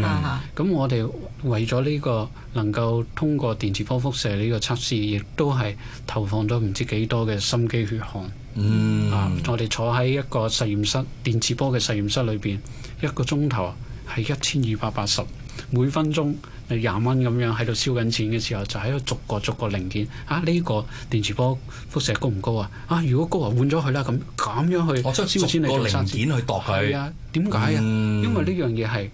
這個，我哋為咗呢個能夠通過電磁波輻射呢個測試，亦都係投放咗唔知幾多嘅心機血汗。啊， 我哋坐喺一個實驗室，電磁波嘅實驗室裏邊一個鐘頭啊，係一千二百八十。每分鐘廿蚊咁樣喺度燒緊錢嘅時候，就喺度逐個逐個零件啊！呢個電磁波輻射高唔高啊？啊，如果高啊，換咗佢啦咁咁樣去。我將燒錢你件零件去度佢。係啊，點解啊？嗯、因為呢樣嘢係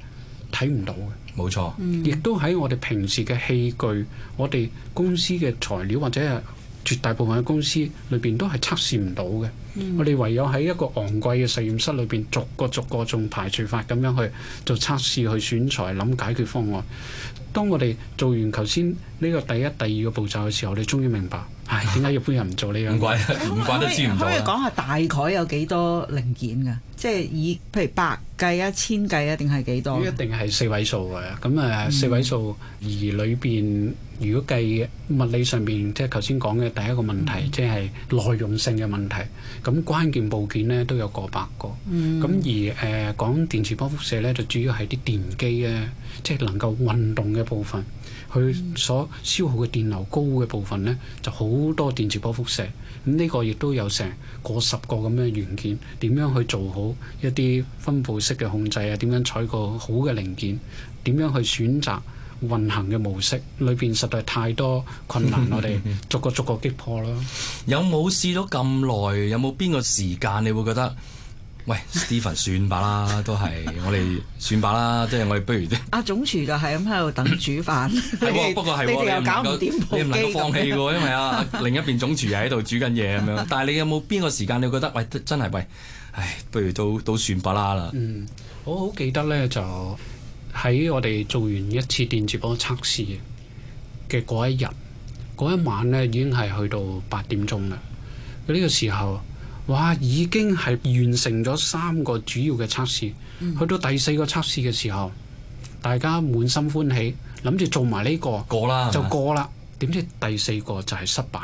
睇唔到嘅。冇錯，亦、嗯、都喺我哋平時嘅器具、我哋公司嘅材料或者係。絕大部分嘅公司裏邊都係測試唔到嘅，嗯、我哋唯有喺一個昂貴嘅實驗室裏邊，逐個逐個用排除法咁樣去做測試，去選材、諗解決方案。當我哋做完頭先呢個第一、第二個步驟嘅時候，你終於明白，唉，點解日本人唔做呢樣？唔怪得，唔怪得知唔到啦。咁可以講下大概有幾多零件㗎？即係以譬如百計啊、千計啊，定係幾多？一定係四位數嘅。咁誒，四位數而裏邊，如果計物理上邊，即係頭先講嘅第一個問題，即係耐用性嘅問題。咁關鍵部件咧都有過百個。嗯。咁而誒講電磁波輻射咧，就主要係啲電機咧。即係能夠運動嘅部分，佢所消耗嘅電流高嘅部分呢，就好多電磁波輻射。咁、這、呢個亦都有成過十個咁嘅元件，點樣去做好一啲分布式嘅控制啊？點樣採個好嘅零件？點樣去選擇運行嘅模式？裏邊實在太多困難， 我哋逐個逐個擊破咯。有冇試咗咁耐？有冇邊個時間你會覺得？喂，Stephen，算吧啦，都係我哋算吧啦，即係、 就是、我哋不如。阿總廚就係咁喺度等煮飯。 不過不過係，你哋又搞唔掂部機，你唔能夠放棄嘅， 因為啊，另一邊總廚又喺度煮緊嘢咁樣。 但係你有冇邊個時間你覺得喂真係喂，唉，不如都都算吧啦啦。嗯，我好記得咧，就喺我哋做完一次電子波測試嘅嗰一日，嗰一晚咧已經係去到八點鐘啦。佢、這、呢個時候。哇！已經係完成咗三個主要嘅測試，去、嗯、到第四個測試嘅時候，大家滿心歡喜，諗住做埋呢、呢個過啦了，就過啦。點知第四個就係失敗。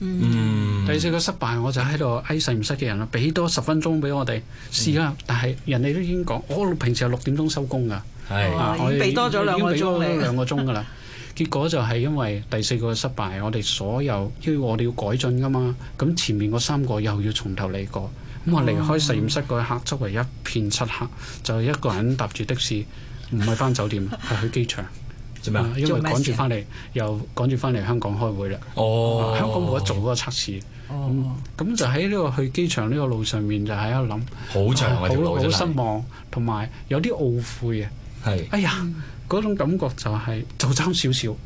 嗯，第四個失敗，我就喺度 A 實驗室嘅人啦，俾多十分鐘俾我哋試啦。嗯、但係人哋都已經講，我平時係六點鐘收工㗎，係俾的哇多咗兩個鐘，兩個鐘㗎啦。結果就係因為第四個嘅失敗，我哋所有，因為我哋要改進噶嘛，咁前面嗰三個又要從頭嚟過。咁我離開實驗室嗰一刻，周圍一片漆黑，就一個人搭住的士，唔係翻酒店，係去機場，做咩？因為趕住翻嚟，又趕住翻嚟香港開會啦。哦，香港冇得做嗰個測試。哦，咁就喺呢個去機場呢個路上面，就喺度諗，好長嘅條路嚟，好失望，同埋有啲懊悔呀。哎呀。嗰種感覺就係就差少少，又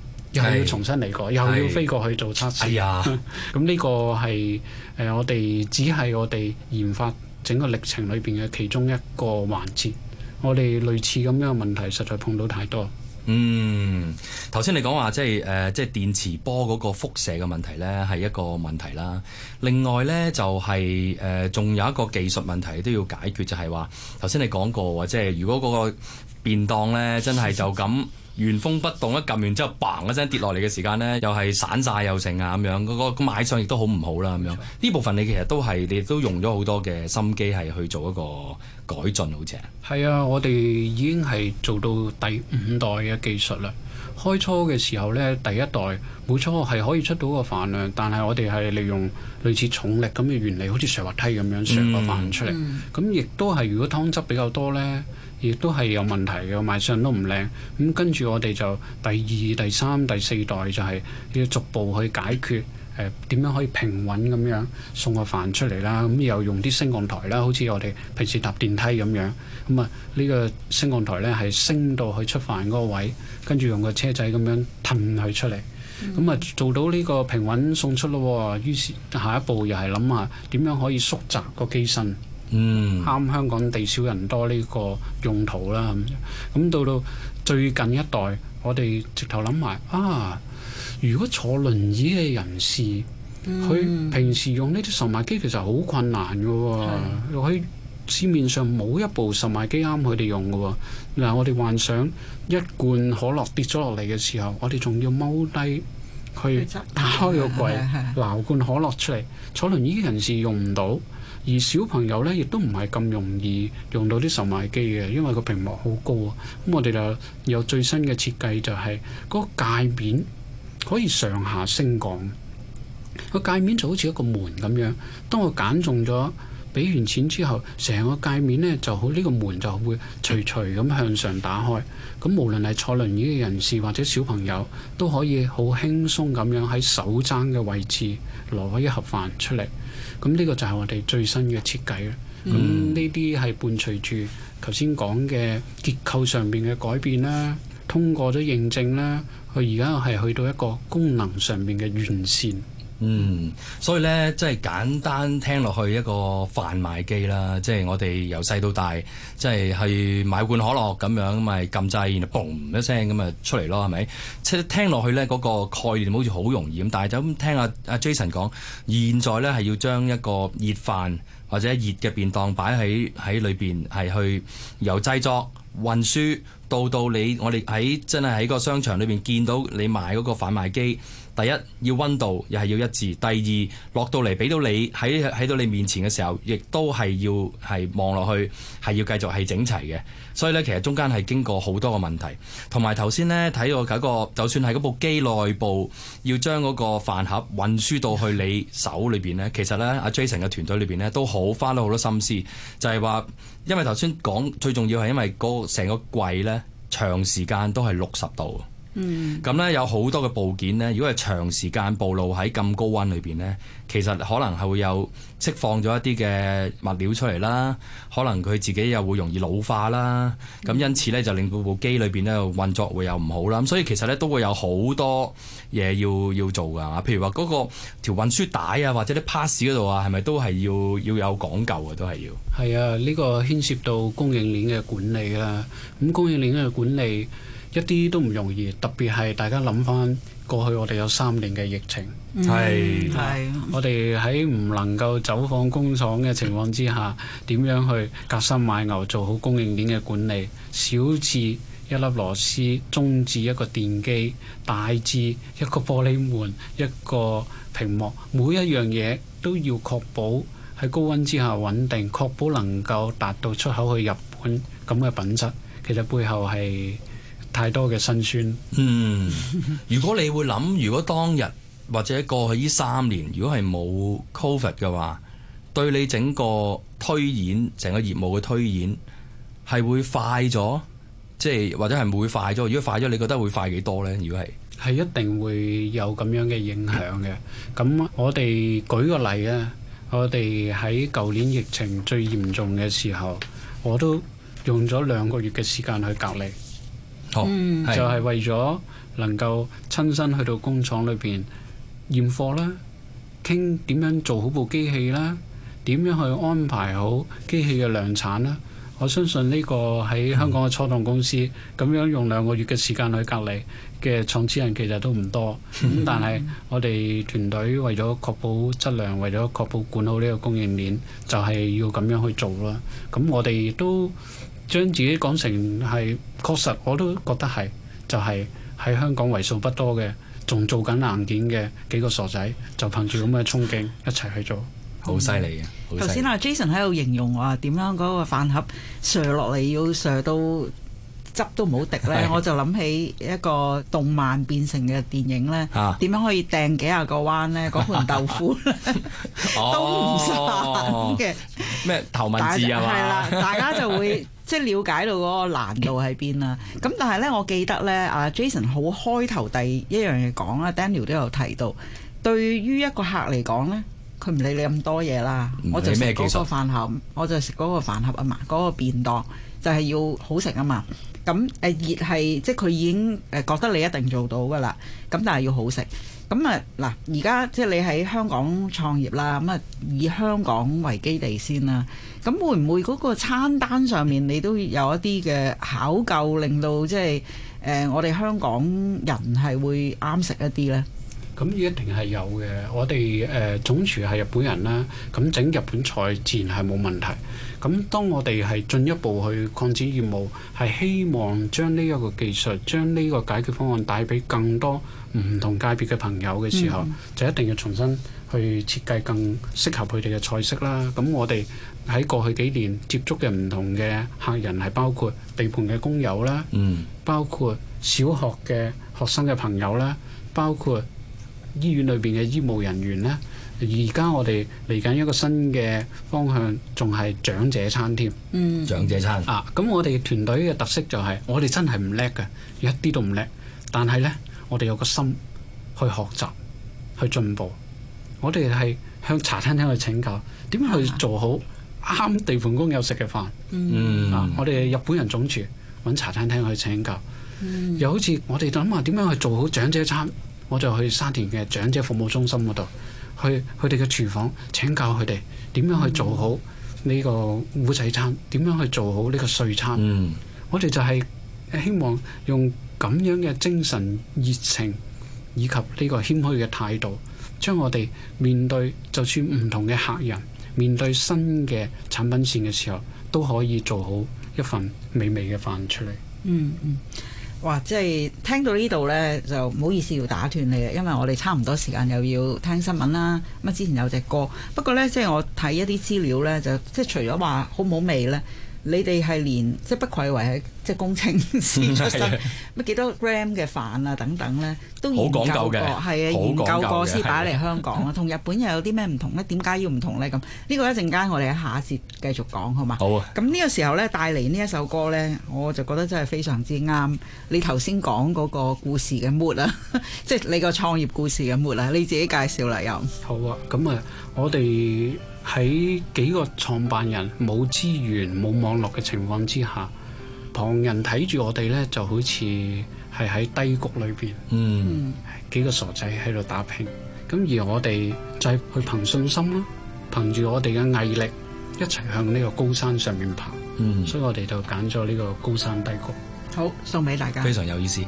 要是重新嚟過，又要飛過去做測試。咁呢是、啊、 個係誒，我哋只係我哋研發整個歷程裏邊嘅其中一個環節。我哋類似咁樣嘅問題，實在碰到太多。嗯，頭先你講話即係誒，即係、呃、電磁波嗰個輻射嘅問題呢，係一個問題啦。另外呢，就係、是、誒，仲、呃、有一個技術問題都要解決，就係話頭先你講過話，即係如果嗰個便當呢，真係就咁。 原封不動一撳完之後，嘭一聲跌落嚟嘅時間呢，又係散晒又剩啊咁樣，嗰個賣相亦都好唔好啦咁樣。呢部分你其實都係你都用咗好多嘅心機係去做一個改進，好似係，係啊，我哋已經係做到第五代嘅技術啦。開初嘅時候呢，第一代冇錯係可以出到個飯量，但係我哋係利用類似重力咁嘅原理，好似上滑梯咁樣上個飯出嚟。咁亦、嗯、都係如果湯汁比較多呢，亦都係有問題嘅，賣相都唔靚。咁跟住我哋就第二、第三、第四代就係要逐步去解決，誒、呃、點樣可以平穩咁樣送個飯出嚟啦。咁、嗯、又用啲升降台啦，好似我哋平時搭電梯咁樣。咁、嗯、啊、呢、呢個升降台呢，係升到去出飯嗰個位，跟住用個車仔咁樣騰佢出嚟。咁、嗯、啊、嗯、做到呢個平穩送出咯。於是下一步又係諗下點樣可以縮窄個機身。啱、嗯、香港地少人多，呢個用途啦。咁，到到最近一代，我哋直頭諗埋啊，如果坐輪椅嘅人士，佢、嗯、平時用呢啲售賣機其實好困難嘅喎，佢的市面上冇一部售賣機啱佢哋用嘅喎。嗱，我哋幻想一罐可樂跌咗落嚟嘅時候，我哋仲要踎低去打開個櫃攞罐可樂出嚟，坐輪椅嘅人士用唔到。而小朋友咧，亦都唔係咁容易用到啲售賣機嘅，因為個屏幕好高啊。咁我哋就有最新嘅設計，就係個界面可以上下升降。個界面就好似一個門咁樣，當我揀中咗俾完錢之後，成個界面咧就好呢個門就會徐徐咁向上打開。咁無論係坐輪椅嘅人士或者小朋友，都可以好輕鬆咁樣喺手踭嘅位置攞一盒飯出嚟。咁呢個就係我哋最新嘅設計啦。咁呢啲係伴隨住頭先講嘅結構上面嘅改變啦，通過咗認證啦，佢而家係去到一個功能上面嘅完善。嗯，所以呢，即係簡單聽落去一個販賣機啦，即係我哋由細到大，即係去買罐可樂咁樣，咪撳掣，然後嘣一聲咁啊出嚟咯，係咪？即係聽落去呢嗰個概念好似好容易咁，但係就咁聽阿、啊、阿、啊、Jason 講，現在呢係要將一個熱飯或者熱嘅便當擺喺喺裏邊，係去由製作、運輸到到你我哋喺真係喺個商場裏邊見到你買嗰個販賣機。第一要温度，又係要一致；第二落到嚟俾到你喺喺到你面前嘅時候，亦都係要係望落去，係要繼續係整齊嘅。所以呢，其實中間係經過好多個問題，同埋頭先呢，睇到嗰個就算係嗰部機內部要將嗰個飯盒運輸到去你手裏邊呢，其實呢，阿 Jason 嘅團隊裏邊呢都好花咗好多心思，就係話因為頭先講最重要係因為個成個櫃呢，長時間都係六十度。嗯，咁咧有好多嘅部件咧，如果係長時間暴露喺咁高溫裏邊咧，其實可能係會有釋放咗一啲嘅物料出嚟啦，可能佢自己又會容易老化啦，咁因此咧就令到部機裏邊咧運作會有唔好啦，咁所以其實咧都會有好多嘢要要做㗎，譬如話嗰個條運輸帶啊，或者啲 pass 嗰度啊，係咪都係要要有講究嘅都係要。係啊，呢個牽涉到供應鏈嘅管理啦，咁供應鏈嘅管理。一啲都唔容易，特別係大家諗翻過去，我哋有三年嘅疫情係，係、嗯。我哋喺唔能夠走訪工廠嘅情況之下，點樣去隔山買牛做好供應鏈嘅管理？小至一粒螺絲，中至一個電機，大至一個玻璃門一個屏幕，每一樣嘢都要確保喺高溫之下穩定，確保能夠達到出口去日本咁嘅品質，其實背後係。太多嘅辛酸。 嗯，如果你會諗，如果當日或者過去呢三年，如果係冇 COVID 嘅話，對你整個推演整個業務嘅推演係會快咗，即係或者係唔會快咗。如果快咗，你覺得會快幾多呢？如果係係一定會有咁樣嘅影響嘅。咁、嗯、我哋舉個例啊，我哋喺舊年疫情最嚴重嘅時候，我都用咗兩個月嘅時間去隔離。嗯，oh, 就係為咗能夠親身去到工廠裏邊驗貨啦，傾點樣做好部機器啦，點樣去安排好機器嘅量產啦。我相信呢個喺香港嘅初創公司咁樣用兩個月嘅時間去隔離嘅創始人其實都唔多，咁但係我哋團隊為咗確保質量，為咗確保管好呢個供應鏈，就係要咁樣去做啦。咁我哋都。將自己講成係確實，我都覺得係，就係喺香港為數不多嘅，仲做緊硬件嘅幾個傻仔，就憑住咁嘅衝勁一齊去做，好犀利嘅。頭先啊，Jason 喺度形容話點樣嗰個飯盒錘落嚟要錘到汁都唔好滴咧，我就諗起一個動漫變成嘅電影咧，點樣可以掟幾廿個彎咧？嗰盤豆腐都唔散嘅，咩頭文字啊嘛，係啦，大家就會。即係瞭解到嗰個難度喺邊啦，咁但係咧，我記得咧，阿 Jason 好開頭第一樣嘢講啦，Daniel 都有提到，對於一個客嚟講咧，佢唔理你咁多嘢啦，我就食嗰個飯盒，我就食嗰個飯盒啊嘛，嗰個便當就係要好食啊嘛，咁誒熱係即係佢已經誒覺得你一定做到噶啦，咁但係要好食，咁啊嗱，而家即係你喺香港創業啦，咁啊以香港為基地先啦。咁會唔會嗰個餐單上面你都有一啲嘅考究，令到即係誒我哋香港人係會啱食一啲呢？咁一定係有嘅。我哋誒、呃、總廚係日本人啦，咁整日本菜自然係冇問題。咁當我哋係進一步去擴展業務，係希望將呢一個技術、將呢個解決方案帶俾更多唔同界別嘅朋友嘅時候，嗯、就一定要重新去設計更適合佢哋嘅菜式啦。咁我哋喺過去幾年接觸嘅唔同嘅客人，係包括地盤嘅工友啦，嗯，包括小學嘅學生嘅朋友啦，包括醫院裏邊嘅醫務人員啦。而家我哋嚟緊一個新嘅方向，仲係長者餐添。嗯。長者餐啊！咁我哋團隊嘅特色就係我哋真係唔叻嘅，一啲都唔叻。但係呢，我哋有個心去學習，去進步。我哋係向茶餐廳去請教，點樣去做好啱地盤工友食嘅飯？嗯，啊，我哋日本人總廚揾茶餐廳去請教。Mm. 又好似我哋諗下點樣去做好長者餐，我就去沙田嘅長者服務中心嗰度去，佢哋嘅廚房請教佢哋點樣去做好呢個糊仔餐，點、mm. 樣去做好呢個碎餐。睡餐 mm. 我哋就係希望用咁樣嘅精神、熱情以及呢個謙虛嘅態度。將我哋面對，就算唔同嘅客人，面對新嘅產品線嘅時候，都可以做好一份美味嘅飯出嚟。嗯。嗯嗯，哇！即係聽到呢度呢，就唔好意思要打斷你啊，因為我哋差唔多時間又要聽新聞啦。咁之前有隻歌，不過呢，即係我睇一啲資料呢，就即係除咗話好唔好味呢。你哋係連即係不愧為係即係工程師出身，乜幾的多 gram 嘅飯啊等等咧，都好講究過，係啊研究過先擺嚟香港啊，同的日本又有啲咩唔同咧？點解要唔同咧？咁呢、呢個一陣間我哋下一節繼續講好嘛？好啊！咁呢個時候咧帶嚟呢一首歌咧，我就覺得真係非常之啱。你頭先講嗰個故事嘅 mood 啊， 即係你個創業故事嘅 mood 啊，你自己介紹嚟又好啊！咁啊，我哋。喺幾個創辦人冇資源、冇網絡嘅情況之下，旁人睇住我哋咧，就好似係喺低谷裏邊。嗯，幾個傻仔喺度打拼，咁而我哋就係去憑信心啦，憑住我哋嘅毅力，一齊向呢個高山上面爬。嗯，所以我哋就揀咗呢個高山低谷。好，送俾大家。非常有意思。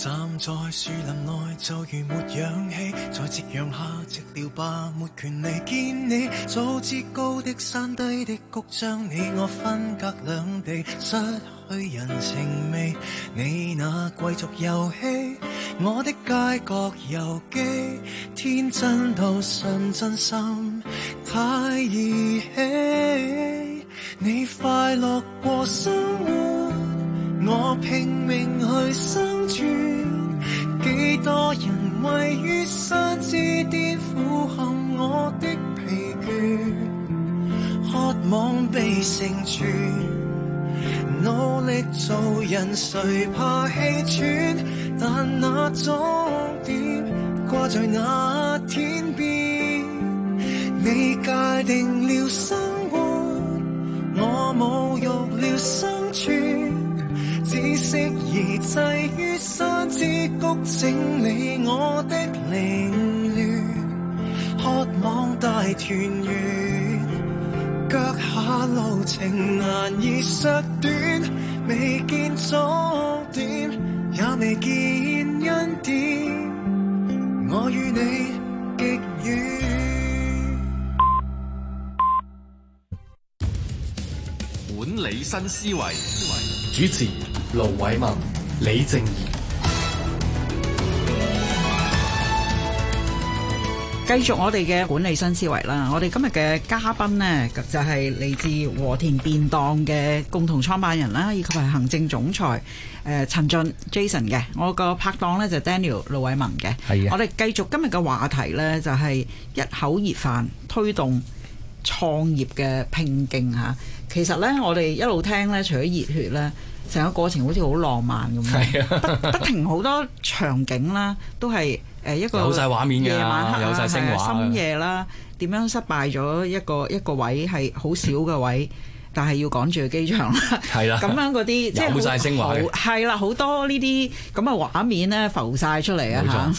站在樹林內就如沒氧氣，在夕陽下寂寥吧，沒權利見你。早知高的山低的谷將你我分隔兩地，失去人情味。你那貴族遊戲，我的街角遊記，天真到信真心，太兒戲。你快樂過生活。我拼命去生存，幾多人位於山之巔俯瞰我的疲倦，渴望被成全，努力做人誰怕氣喘？但那終點掛在那天邊，你界定了生活，我侮辱了生存。你死而祭於山之谷，整理我的凌亂，渴望大團圓。腳下路程難以削短，未見終點，也未見恩典。我與你極遠。管理新思維，思維主持。盧偉民、李靜宜，繼續我哋嘅管理新思維啦。我哋今日嘅嘉賓呢，就係嚟自和田弁當嘅共同創辦人啦，以及係行政總裁誒陳隽 Jason 嘅。是的 我個拍檔呢，就 Daniel 盧偉民嘅。係啊。我哋繼續今日嘅話題呢，就係一口熱飯推動創業嘅拼勁吓。其實呢，我哋一路聽呢，除咗熱血呢。成個過程好似好浪漫咁，不不停好多場景啦，都係誒一個有晒畫面嘅，夜晚黑啦，深夜啦，點樣失敗咗一個一個位係好少嘅位，但係要趕住去機場啦。係啦，咁樣嗰啲即係冇晒聲係啦，好多呢啲咁嘅畫面咧浮晒出嚟啊。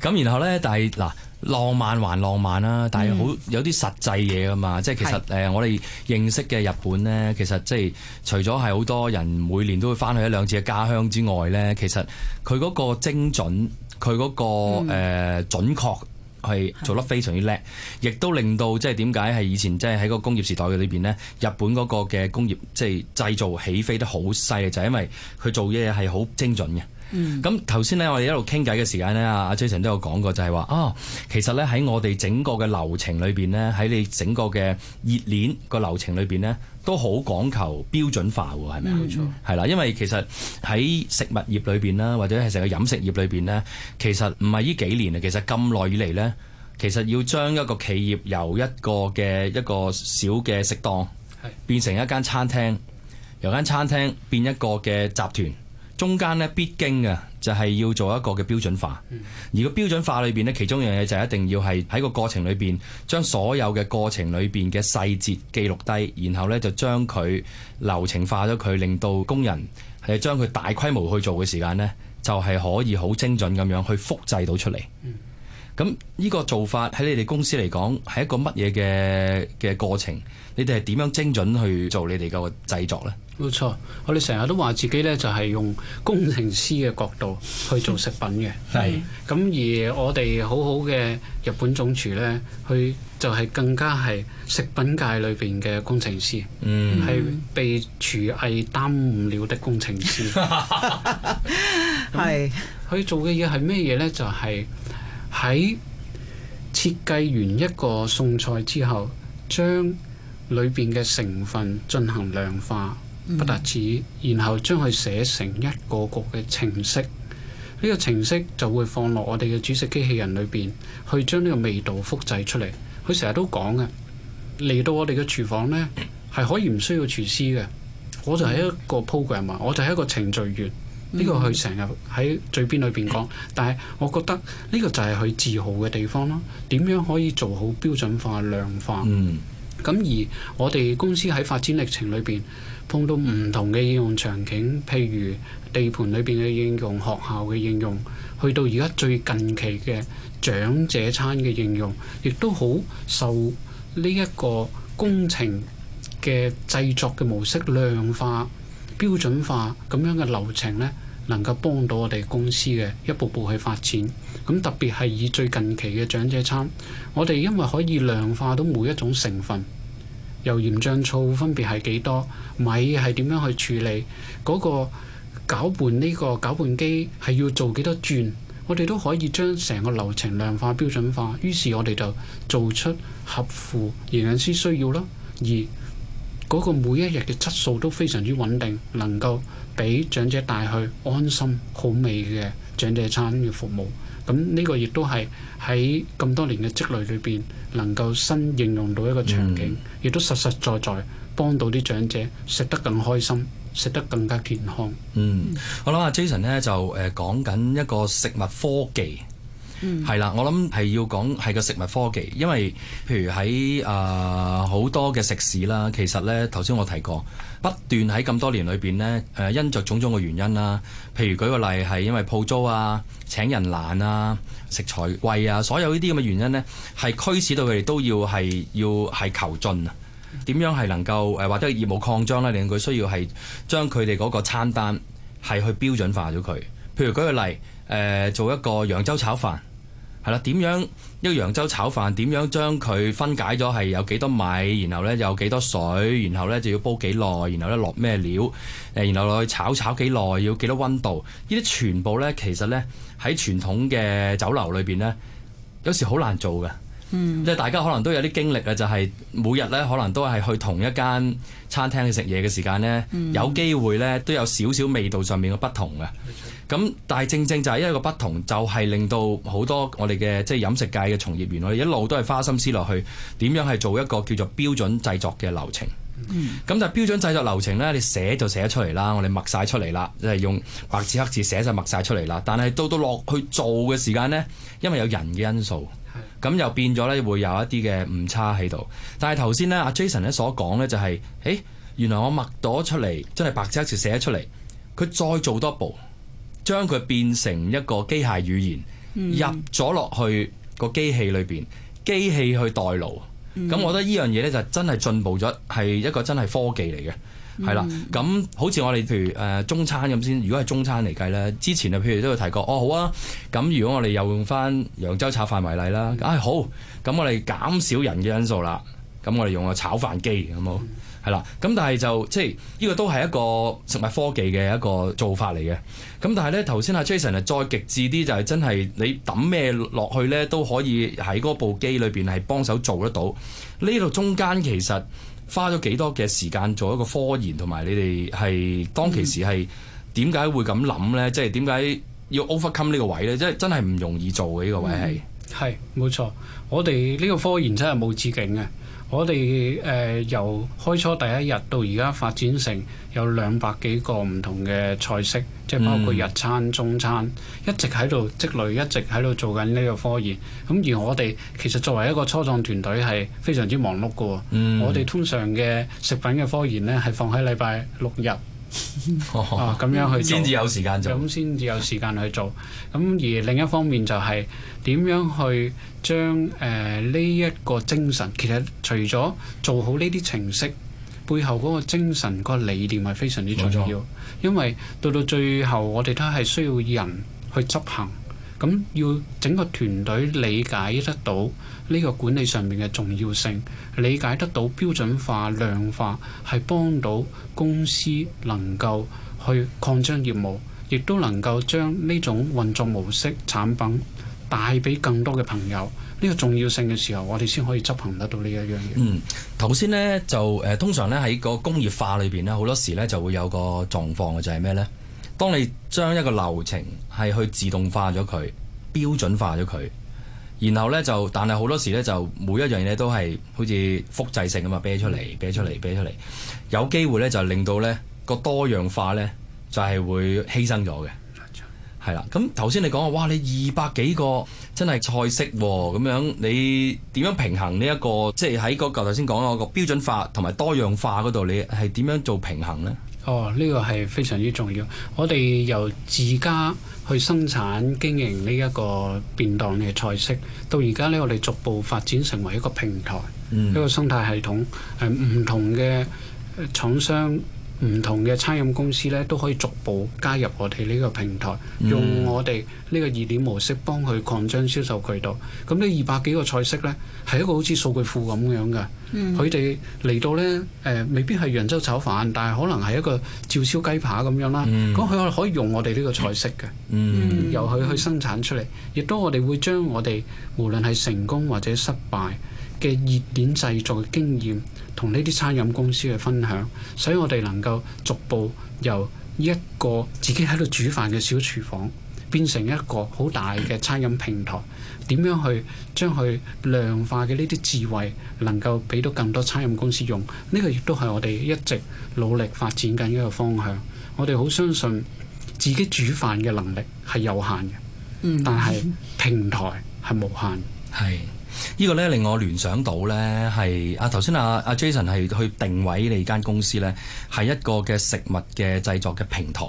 咁然後咧，但係嗱。浪漫還浪漫啦，但係好有啲實際嘢㗎嘛。即係其實誒是、呃，我哋認識嘅日本呢，其實即係除咗係好多人每年都會翻去一兩次嘅家鄉之外呢，其實佢嗰個精準、佢嗰、那個誒、嗯呃、準確係做得非常之叻，亦是都令到即係點解係以前即係喺個工業時代嘅裏邊呢，日本嗰個嘅工業即係、就是、製造起飛得好犀就係、是、因為佢做嘢係好精準嘅。咁頭先咧，嗯、我哋一路傾偈嘅時間咧，阿 Jason 都有講過，就係話，哦，其實咧喺我哋整個嘅流程裏邊咧，喺你整個嘅熱鏈個流程裏邊咧，都好講求標準化喎，係咪啊？冇錯，係啦、嗯，因為其實喺食物業裏邊啦，或者係成個飲食業裏邊咧，其實唔係呢幾年啊，其實咁耐以嚟咧，其實要將一個企業由一個嘅一個小嘅食檔變成一間餐廳，由間餐廳變一個嘅集團。中間咧必經嘅就係要做一個嘅標準化，而個標準化裏邊咧，其中一樣嘢就係一定要係喺個過程裏邊，將所有嘅過程裏邊嘅細節記錄低，然後咧就將佢流程化咗佢，令到工人係將佢大規模去做嘅時間咧，就係可以好精準咁樣去複製到出嚟。咁呢個做法喺你哋公司嚟講係一個乜嘢嘅嘅過程？你哋係點樣精準去做你哋個製作呢？冇錯，我哋成日都話自己呢就係用工程師嘅角度去做食品嘅。係咁是的 而我哋好好嘅日本總廚呢，佢就係更加係食品界裏邊嘅工程師，係、嗯、被廚藝耽誤了的工程師。係佢 做嘅嘢係咩嘢呢？就係、是、喺設計完一個餸菜之後，將裏邊嘅成分進行量化。不達止，嗯、然後將佢寫成一個個嘅程式，呢、這個程式就會放落我哋嘅主食機器人裏邊，去將呢個味道複製出嚟。佢成日都講嘅，嚟到我哋嘅廚房呢，係可以唔需要廚師嘅。我就係一個 program m e r 我就係一個程序員。呢、這個佢成日喺最邊裏邊講，嗯、但係我覺得呢個就係佢自豪嘅地方咯。點樣可以做好標準化、量化？嗯咁而我哋公司喺發展歷程裏邊碰到唔同嘅應用場景，嗯、譬如地盤裏邊嘅應用、學校嘅應用，去到而家最近期嘅長者餐嘅應用，亦都好受呢一個工程嘅製作嘅模式、量化、標準化咁樣嘅流程咧，能夠幫到我哋公司嘅一步步去發展。咁特別係以最近期嘅長者餐，我哋因為可以量化到每一種成分，油鹽醬醋分別係幾多，米係點樣去處理，嗰、那個攪拌呢個攪拌機係要做幾多轉，我哋都可以將成個流程量化標準化。於是，我哋就做出合乎營養師需要啦。而嗰個每一日嘅質素都非常之穩定，能夠俾長者帶去安心好味嘅長者餐嘅服務。咁呢個亦都係喺咁多年嘅積累裏邊，能夠新應用到一個場景，亦、嗯、都實實在在幫到啲長者食得更開心，食得更加健康。嗯，我諗阿 Jason 呢就誒講緊一個食物科技，係啦、嗯，我諗係要講係個食物科技，因為譬如喺啊好多嘅食肆啦，其實呢頭先我提過。不斷喺咁多年裏邊呢，誒因着種種嘅原因啦、啊，譬如舉個例係因為鋪租啊、請人難啊、食材貴啊，所有呢啲咁嘅原因呢，係驅使到佢哋都要係要係求進啊，點樣係能夠誒或者業務擴張呢？令佢需要係將佢哋嗰個餐單係去標準化咗佢，譬如舉個例誒、呃、做一個揚州炒飯。係啦，點樣一個揚州炒飯？點樣將佢分解咗？係有幾多米，然後咧有幾多水，然後咧就要煲幾耐，然後咧落咩料，誒，然後落去炒炒幾耐，要幾多溫度？呢啲全部咧，其實咧喺傳統嘅酒樓裏邊咧，有時好難做嘅。嗯，即係大家可能都有啲經歷啊，就係、是、每日咧可能都係去同一間餐廳去食嘢嘅時間咧，嗯、有機會咧都有少少味道上面嘅不同嘅。咁，但係正正就係一個不同，就係、是、令到好多我哋嘅即係飲食界嘅從業員，我哋一路都係花心思落去點樣去做一個叫做標準製作嘅流程。咁就係標準製作流程呢，你寫就寫出嚟啦，我哋默晒出嚟啦，即、就、係、是、用白紙黑字寫就默晒出嚟啦。但係到到落去做嘅時間呢，因為有人嘅因素，咁又變咗咧，會有一啲嘅誤差喺度。但係頭先呢，阿 Jason 咧所講呢、就是，就係誒原來我默咗出嚟真係白紙黑字寫出嚟，佢再做多步。將佢變成一個機械語言，嗯、入咗落去個機器裏邊，機器去代勞。咁、嗯、我覺得呢樣嘢呢，就真係進步咗，係一個真係科技嚟嘅，係啦、嗯。咁好似我哋譬如誒中餐咁先，如果係中餐嚟計呢，之前啊譬如都有提過，哦好啊，咁如果我哋又用翻揚州炒飯為例啦，唉好，咁我哋減少人嘅因素啦，咁我哋用個炒飯機咁好。係啦，咁但係就即係呢個都係一個食物科技嘅一個做法嚟嘅。咁但係呢頭先阿 Jason 再極致啲就係真係你抌咩落去呢都可以喺嗰部機裏邊係幫手做得到。呢度中間其實花咗幾多嘅時間做一個科研，同埋你哋係當其時係點解會咁諗呢？即係點解要 overcome 呢個位呢？即係真係唔容易做嘅呢個位係。係冇錯，我哋呢個科研真係冇止境嘅。我哋誒、呃、由開初第一日到而家發展成有兩百幾個唔同嘅菜式，即係包括日餐、嗯、中餐，一直喺度積累，一直喺度做緊呢個科研。咁而我哋其實作為一個初創團隊係非常之忙碌㗎喎。嗯、我哋通常嘅食品嘅科研呢，係放喺禮拜六日。哦，咁樣去先至有時間做，咁先至有時間去做。咁而另一方面就係點樣去將誒呢一個精神，其實除咗做好呢啲程式背後嗰個精神嗰個理念係非常之重要，冇錯。因為到到最後我哋都係需要人去執行，咁要整個團隊理解得到。呢個管理上面嘅重要性，理解得到標準化、量化係幫到公司能夠去擴張業務，亦都能夠將呢種運作模式產品帶俾更多嘅朋友。呢、這個重要性嘅時候，我哋先可以執行得到呢一樣嘢。嗯，頭先呢，就誒、呃，通常呢喺個工業化裏邊呢，好多時呢就會有個狀況嘅，就係、是、咩呢？當你將一個流程係去自動化咗佢、標準化咗佢。然後呢，就，但係好多時呢，就每一樣嘢都係好似複製性咁嘛，啤出嚟，啤出嚟，啤出嚟，有機會呢，就令到呢個多樣化呢，就係會犧牲咗嘅。係啦，咁頭先你講話，哇！你二百幾個真係菜式喎、哦，咁樣你點樣平衡呢、這、一個？即係喺個頭先講個標準化同埋多樣化嗰度，你係點樣做平衡呢？哦，呢、這個係非常之重要。我哋由自家去生產經營呢一個便當嘅菜式，到而家呢，我哋逐步發展成為一個平台，嗯、一個生態系統，係、呃、唔、嗯、同嘅廠商。唔同嘅餐飲公司咧都可以逐步加入我哋呢個平台，嗯、用我哋呢個熱點模式幫佢擴張銷售渠道。咁呢二百幾個菜式呢，係一個好似數據庫咁樣嘅，佢哋嚟到呢，誒、呃、未必係揚州炒飯，但係可能係一個照燒雞扒咁樣啦。咁佢、嗯、可以用我哋呢個菜式嘅，嗯、由佢去生產出嚟，亦、嗯嗯、都我哋會將我哋無論係成功或者失敗嘅熱點製作嘅經驗，同呢啲餐飲公司嘅分享，所以我哋能夠逐步由一個自己喺度煮飯嘅小廚房，變成一個好大嘅餐飲平台。點樣去將佢量化嘅呢啲智慧，能夠俾到更多餐飲公司用？呢個亦都係我哋一直努力發展緊一個方向。我哋好相信自己煮飯嘅能力係有限嘅，但係平台係無限。係、嗯。呢個呢，令我聯想到呢，係阿頭先阿阿 Jason 係去定位你間公司呢，係一個嘅食物嘅製作嘅平台，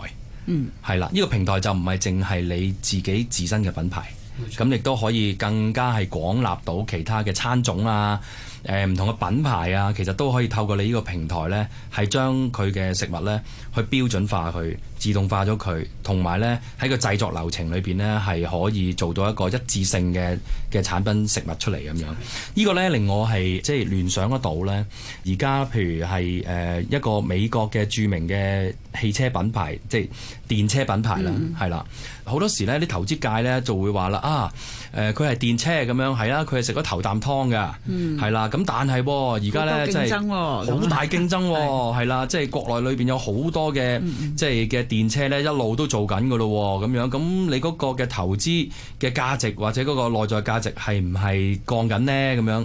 嗯係啦。呢個平台就唔係淨係你自己自身嘅品牌，咁亦都可以更加係廣納到其他嘅餐種啊，誒、呃、唔同嘅品牌啊，其實都可以透過你呢個平台呢，係將佢嘅食物呢去標準化佢。自動化咗佢，同埋呢喺個製作流程裏邊呢，係可以做到一個一致性嘅嘅產品食物出嚟咁樣。呢 個呢，令我係即係聯想得到呢。而家譬如係誒、呃、一個美國嘅著名嘅汽車品牌，即係電車品牌啦，係啦、mm，好、hmm. 多時呢啲投資界呢，就會話啦啊。誒佢係電車咁樣，係啦，佢係食咗頭啖湯㗎，嗯，係啦。咁但係而家咧，即係好大競爭、啊，係啦 的，即係國內裏邊有好多嘅，嗯、即係嘅電車咧，一路都做緊噶咯。咁樣，咁你嗰個嘅投資嘅價值或者嗰個內在價值係唔係降緊呢？咁樣。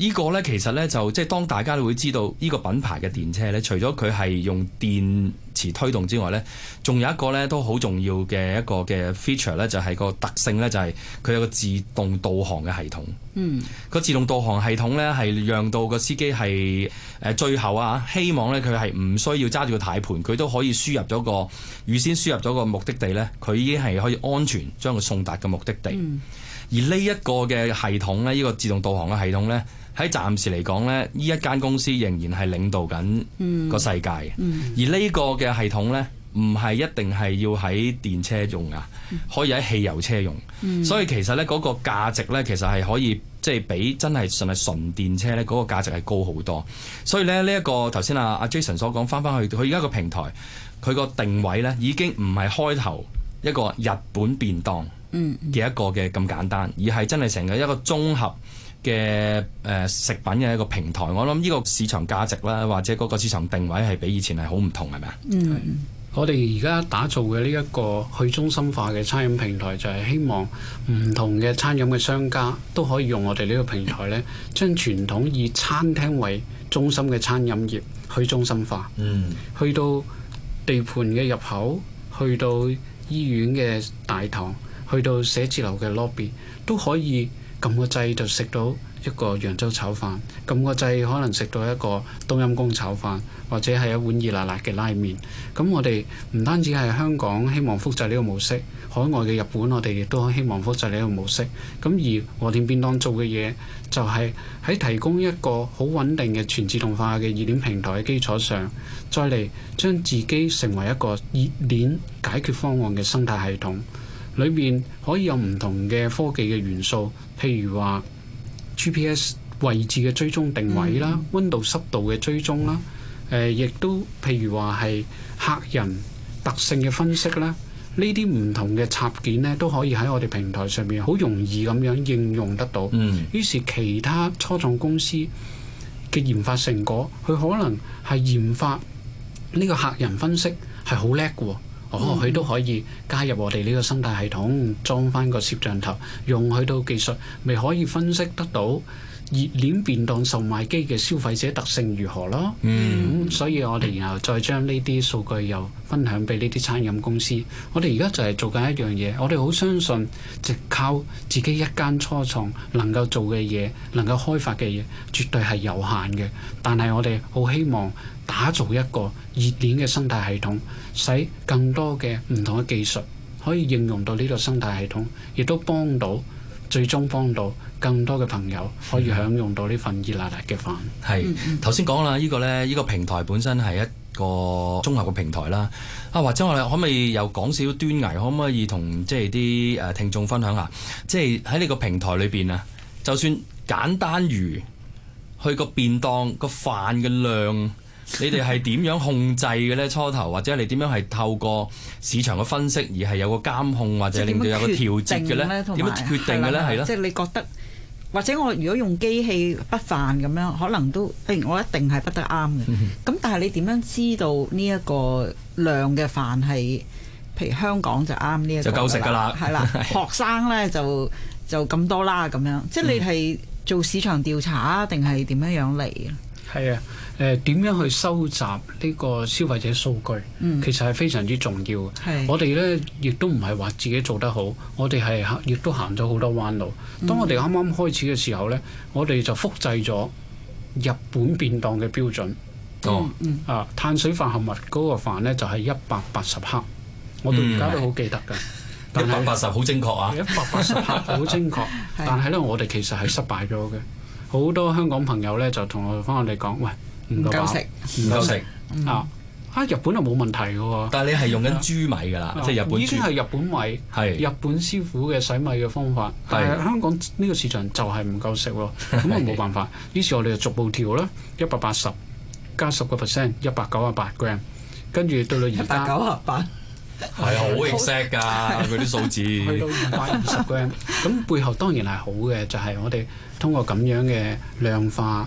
呢個呢，其實呢，就即係當大家都會知道呢、呢個品牌嘅電車呢，除咗佢係用電池推動之外呢，仲有一個呢都好重要嘅一個嘅 feature 呢，就係個特性呢，就係佢有個自動導航嘅系統。嗯，個自動導航系統呢，係讓到個司機係誒最後啊，希望呢，佢係唔需要揸住個軚盤，佢都可以輸入咗個預先輸入咗個目的地呢，佢已經係可以安全將佢送達嘅目的地。嗯、而呢一個嘅系統呢，呢、呢個自動導航嘅系統呢。喺暫時嚟講呢，呢一間公司仍然係領導緊個世界。嗯、而呢個嘅系統呢，唔係一定係要喺電車用啊，可以喺汽油車用。嗯、所以其實呢嗰、嗰個價值呢，其實係可以即係、就是、比真係純係純電車呢嗰、嗰個價值係高好多。所以呢，呢、這、一個頭先啊阿 Jason 所講，返返去佢而家個平台，佢個定位呢，已經唔係開頭一個日本便當嘅一個嘅咁簡單，嗯、而係真係成個一個綜合。嘅誒食品嘅一個平台，我諗呢個市場價值啦，或者嗰個市場定位係比以前係好唔同，係咪啊？嗯，是我哋而家打造嘅呢一個去中心化嘅餐飲平台，就係希望唔同嘅餐飲嘅商家都可以用我哋呢個平台咧，將傳統以餐廳為中心嘅餐飲業去中心化。嗯，去到地盤嘅入口，去到醫院嘅大堂，去到寫字樓嘅 lobby 都可以。㩒個掣就食到一個揚州炒飯，㩒個掣可能食到一個冬陰功炒飯，或者係一碗熱辣辣嘅拉麵。咁我哋唔單止係香港希望複製呢個模式，海外嘅日本我哋亦都希望複製呢個模式。咁而和田便當做嘅嘢就係喺提供一個好穩定嘅全自動化嘅熱鏈平台嘅基礎上，再嚟將自己成為一個熱鏈解決方案嘅生態系統。裏面可以有唔同嘅科技嘅元素，譬如話 GPS 位置嘅追蹤定位啦、嗯、溫度濕度嘅追蹤啦，誒、嗯，亦都譬如話係客人特性嘅分析啦，呢啲唔同嘅插件咧都可以喺我哋平台上面好容易咁樣應用得到。嗯，於是其他初創公司嘅研發成果，佢可能係研發呢個客人分析係好叻嘅喎。哦，佢都可以加入我哋呢個生態系統，裝翻個攝像頭，用佢到技術，咪可以分析得到。熱鏈便當售賣機嘅消費者特性如何咯？咁、嗯、所以我哋然後再將呢啲數據又分享俾呢啲餐飲公司。我哋而家就係做緊一樣嘢，我哋好相信，直靠自己一間初創能夠做嘅嘢，能夠開發嘅嘢，絕對係有限嘅。但係我哋好希望打造一個熱鏈嘅生態系統，使更多嘅唔同嘅技術可以應用到呢個生態系統，亦都幫到最終幫到。更多嘅朋友可以享用到份烈烈、這個、呢份熱辣辣嘅飯。係頭先講啦，呢個咧，依個平台本身係一個綜合嘅平台啦。啊，或者我哋可唔可以又講少啲端倪？可唔可以同即係啲誒聽眾分享下？即係喺你個平台裏邊啊，就算簡單如去個便當個飯嘅量，你哋係點樣控制嘅咧？初頭，或者你點樣係透過市場嘅分析而係有個監控或者令到有個調節嘅咧？點樣決定嘅咧？係咯？即係你覺得。或者我如果用機器不飯咁樣，可能都誒，我一定係不得啱嘅。咁但係你點樣知道呢一個量嘅飯係，譬如香港就啱呢一個就夠食㗎啦。係啦，學生呢就就咁多啦咁樣。即係你係做市場調查啊，定係點樣樣嚟啊？係啊。誒點、呃、樣去收集呢個消費者數據？嗯、其實係非常之重要。是我哋呢亦都唔係話自己做得好，我哋係亦都行咗好多彎路。當我哋啱啱開始嘅時候呢，嗯、我哋就複製咗日本便當嘅標準。哦、嗯，嗯、啊，碳水化合物嗰個飯呢就係一百八十克，我到而家都好記得㗎。一百八十好正確啊！一百八十克好正確。 是但係呢，我哋其實係失敗咗嘅。好多香港朋友呢，就同我哋翻我哋講，喂！喂唔夠食，唔夠食啊！喺日本就冇問題嘅喎，但係你係用緊豬米嘅啦，即係日本豬已經係日本米，係日本師傅嘅洗米嘅方法。但係香港呢個市場就係唔夠食喎，咁啊冇辦法。於是，我哋就逐步調啦，一百八十加十個 percent，一百九十八 gram，跟住到到而家九啊八，係啊，好 exact 㗎，嗰啲數字去到二百二十 gram。咁背後當然係好嘅，就係我哋通過咁樣嘅量化。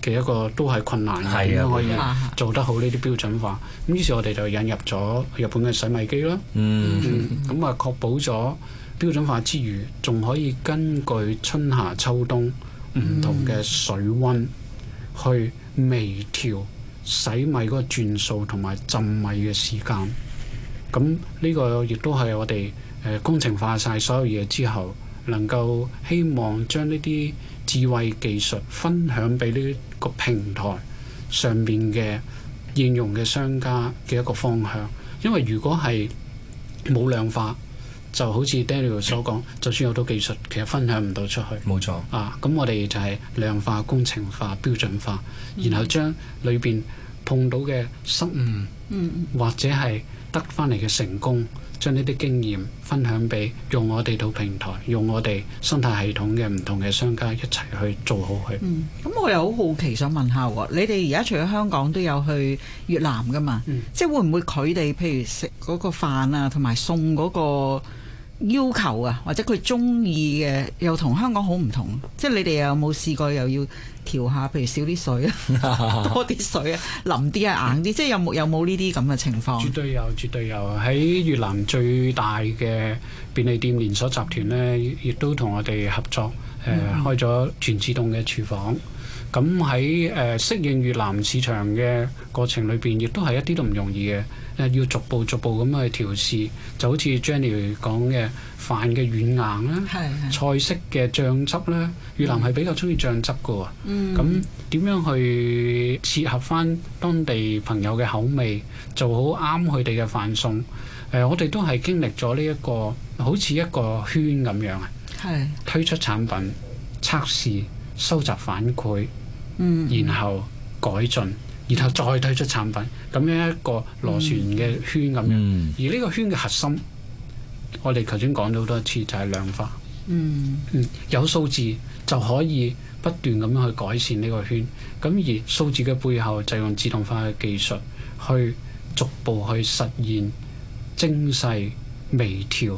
嘅一個都係困難嘅點樣可以做得好呢啲標準化？咁於是，我哋就引入咗日本嘅洗米機啦。嗯，咁啊確保咗標準化之餘，仲可以根據春夏秋冬唔同嘅水溫，去微調洗米嗰個轉數同埋浸米嘅時間。咁呢個亦都係我哋誒工程化晒所有嘢之後，能夠希望將呢啲智慧技術分享俾呢個平台上邊嘅應用嘅商家嘅一個方向，因為如果係冇量化，就好似 Daniel 所講，就算有咗技術，其實分享唔到出去。冇錯啊，咁我哋就係量化、工程化、標準化，然後將裏邊碰到嘅失誤，嗯嗯、或者係得返嚟嘅成功。將呢啲經驗分享俾用我哋到平台，用我哋生態系統嘅唔同嘅商家一齊去做好佢。咁、嗯、我又好好奇想問下喎，你哋而家除咗香港都有去越南㗎嘛？嗯、即係會唔會佢哋譬如食嗰個飯啊，同埋送嗰、嗰個？要求啊，或者佢中意嘅又同香港好唔同，即係你哋有冇試過又要調下，譬如少啲水啊，多啲水啊，腍啲啊，硬啲，即係有冇有冇呢啲咁嘅情況？絕對有，絕對有。喺越南最大嘅便利店連鎖集團呢，亦都同我哋合作，誒、呃、開咗全自動嘅廚房。咁喺誒適應越南市場嘅過程裏邊，亦都係一啲都唔容易嘅。要逐步逐步咁去調試，就好似 Jenny 講嘅飯嘅軟硬啦，是是菜式嘅醬汁啦，越南係比較中意醬汁嘅喎。咁點、嗯、樣去切合翻當地朋友嘅口味，做好啱佢哋嘅飯餸？誒、呃，我哋都係經歷咗呢一個好似一個圈咁樣啊，是是推出產品，測試，收集反饋，嗯、然後改進。然後再推出產品，咁樣一個螺旋嘅圈咁樣。嗯、而呢個圈嘅核心，我哋頭先講咗好多次，就係量化。嗯，有數字就可以不斷咁樣去改善呢個圈。咁而數字嘅背後，就用自動化嘅技術去逐步去實現精細微調。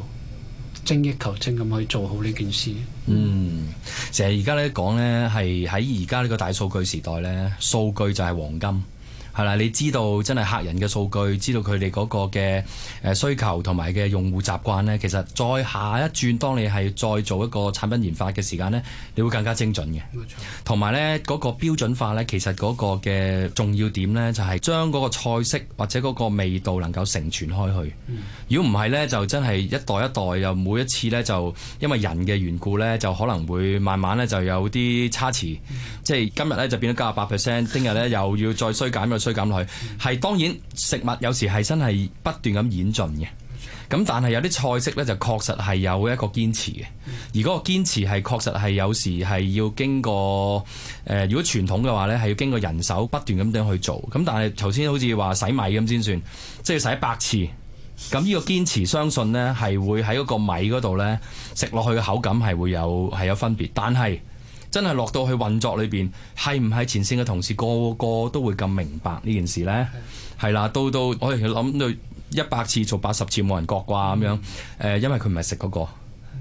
精益求精咁去做好呢件事。嗯，成日而家咧講咧，係喺而家呢個大數據時代咧，數據就係黃金。係啦，你知道真係客人嘅數據，知道佢哋嗰個嘅誒需求同埋嘅用戶習慣呢，其實再下一轉，當你係再做一個產品研發嘅時間呢，你會更加精準嘅。同埋呢嗰、嗰個標準化呢，其實嗰個嘅重要點呢，就係、係、將嗰個菜式或者嗰個味道能夠成傳開去。如果唔係呢，就真係一代一代又每一次呢，就因為人嘅緣故呢，就可能會慢慢呢就有啲差池。即係今日呢，就變咗九十八 percent，聽日呢又要再衰減個。 衰減落去，係當然食物有時係真係不斷咁演進嘅。咁但係有啲菜式呢，就確實係有一個堅持嘅。而嗰個堅持係確實係有時係要經過誒、呃，如果傳統嘅話呢，係要經過人手不斷咁樣去做。咁但係頭先好似話洗米咁先算，即係洗一百次。咁呢個堅持相信呢，係會喺嗰個米嗰度呢，食落去嘅口感係會有係有分別，但係。真係落到去運作裏邊，係唔係前線嘅同事個個個都會咁明白呢件事呢？係啦的，到我到我哋諗到一百次做八十次，冇人覺啩咁樣。誒、呃，因為佢唔係食嗰個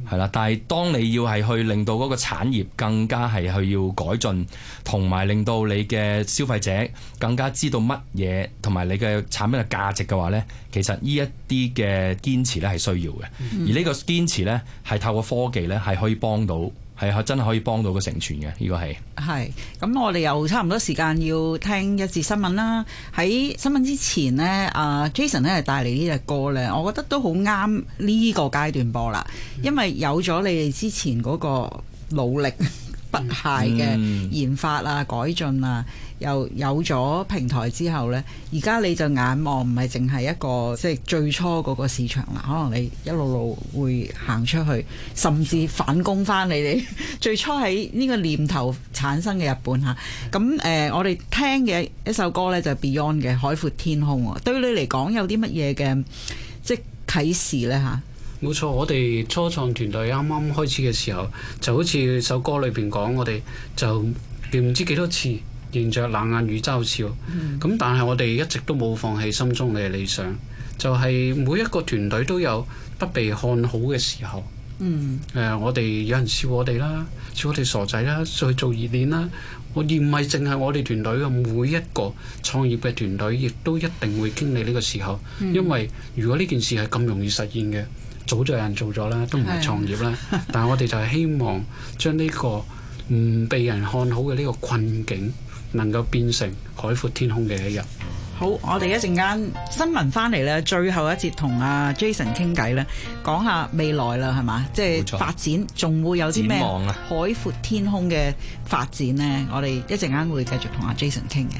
係啦的。但係當你要係去令到嗰個產業更加係去要改進，同埋令到你嘅消費者更加知道乜嘢，同埋你嘅產品嘅價值嘅話呢，其實呢一啲嘅堅持呢係需要嘅。嗯、而呢個堅持呢，係透過科技呢，係可以幫到。係真係可以幫到個成全嘅，呢、這個係。係，咁我哋又差唔多時間要聽一節新聞啦。喺新聞之前呢阿、啊、Jason 咧係帶嚟呢隻歌呢，我覺得都好啱呢個階段播啦，因為有咗你哋之前嗰個努力 不懈嘅研發啊、改進啊。又有咗平台之後呢，而家你就眼望唔係淨係一個，即係最初嗰個市場啦。可能你一路路會行出去，甚至反攻翻你哋最初喺呢個念頭產生嘅日本嚇。咁誒、嗯呃，我哋聽嘅一首歌呢，就係 Beyond 嘅《海闊天空》。對你嚟講，有啲乜嘢嘅即係啟示呢？嚇？冇錯，我哋初創團隊啱啱開始嘅時候，就好似首歌裏邊講，我哋就唔知幾多次。迎着冷眼與嘲笑，咁、嗯、但係我哋一直都冇放棄心中嘅理想。就係、是、每一個團隊都有不被看好嘅時候。誒、嗯呃，我哋有人笑我哋啦，笑我哋傻仔啦，再做熱飯啦。而唔係淨係我哋團隊嘅每一個創業嘅團隊，亦都一定會經歷呢個時候。嗯、因為如果呢件事係咁容易實現嘅，早就有人做咗啦，都唔係創業啦。是的 但係我哋就係希望將呢個唔被人看好嘅呢個困境。能夠變成海闊天空嘅一日。好，我哋一陣間新聞翻嚟咧，最後一節同阿 Jason 傾偈咧，講下未來啦，係嘛？即係發展仲冇錯，會有啲咩海闊天空嘅發展咧？我哋一陣間會繼續同阿 Jason 傾嘅。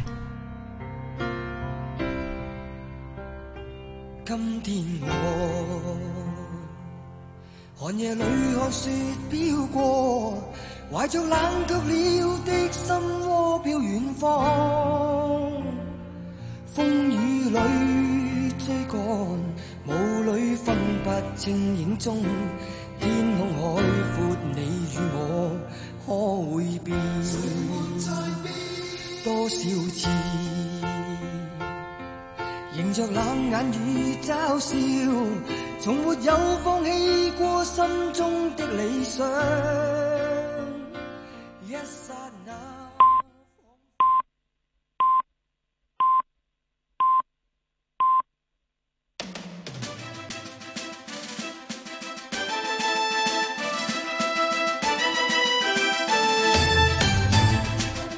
今天我寒夜裏看雪飄過。懷着冷卻了的心窩飄遠方，風雨裏追趕，霧裏分不清影蹤。天空海闊，你與我可會變？誰沒在變？多少次迎着冷眼與嘲笑，從沒有放棄過心中的理想。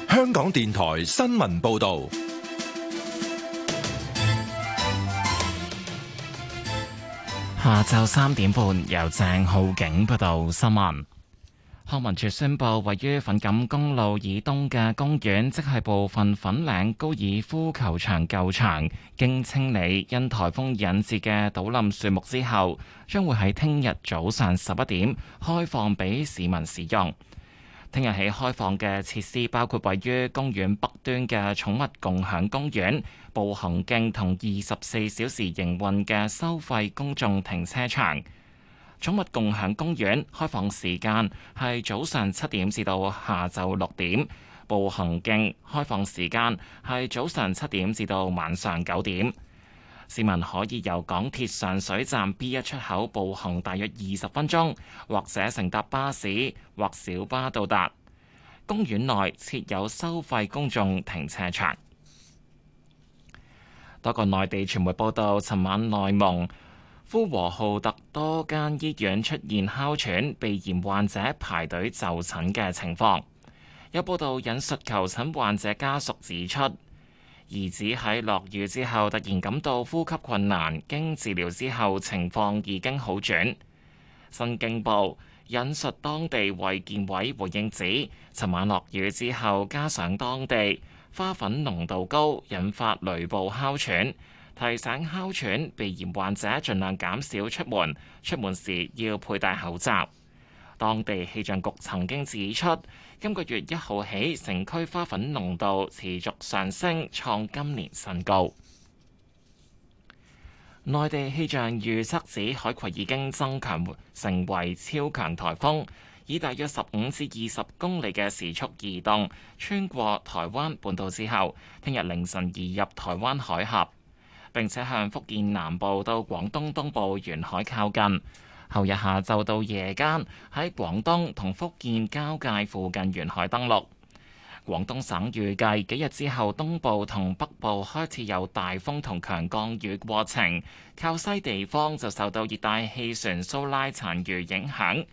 香港電台新聞報道，下晝三點半由鄭浩景報道新聞。康文署宣布，位於粉錦公路以東嘅公園，即係部分粉嶺高爾夫球場舊場經清理因台風引致嘅倒冧樹木之後將會喺聽日早上十一點開放俾市民使用。聽日起開放嘅設施包括位於公園北端嘅寵物共享公園、步行徑同二十四小時營運嘅收費公衆停車場。寵物共享公園開放時間係早上七點至到下晝六點。步行徑開放時間係早上七點至到晚上九點。市民可以由港鐵上水站 B 一出口步行大約二十分鐘，或者乘搭巴士或小巴到達。公園內設有收費公眾停車場。多個內地傳媒報道，尋晚內蒙，呼和浩特多間醫院出現哮喘、鼻炎患者排隊就診嘅情況，有報道引述求診患者家屬指出，兒子喺落雨之後突然感到呼吸困難，經治療之後情況已經好轉。新京報引述當地衛健委回應指，尋晚落雨之後，加上當地花粉濃度高，引發雷暴哮喘。提醒哮喘、鼻炎患者盡量減少出門，出門時要佩戴口罩。當地氣象局曾經指出，今個月一號起，城區花粉濃度持續上升，創今年新高。內地氣象預測指，指，海葵已經增強成為超強台風，以大約十五至二十公里嘅時速移動，穿過台灣半島之後，聽日凌晨移入台灣海峽。並且向福建南部到廣東東部沿海靠近，後日下晝到夜間喺廣東同福建交界附近沿海登陸。廣東省預計幾日之後東部同北部開始有大風同強降雨過程，靠西地方就受到熱帶氣旋蘇拉殘餘影響。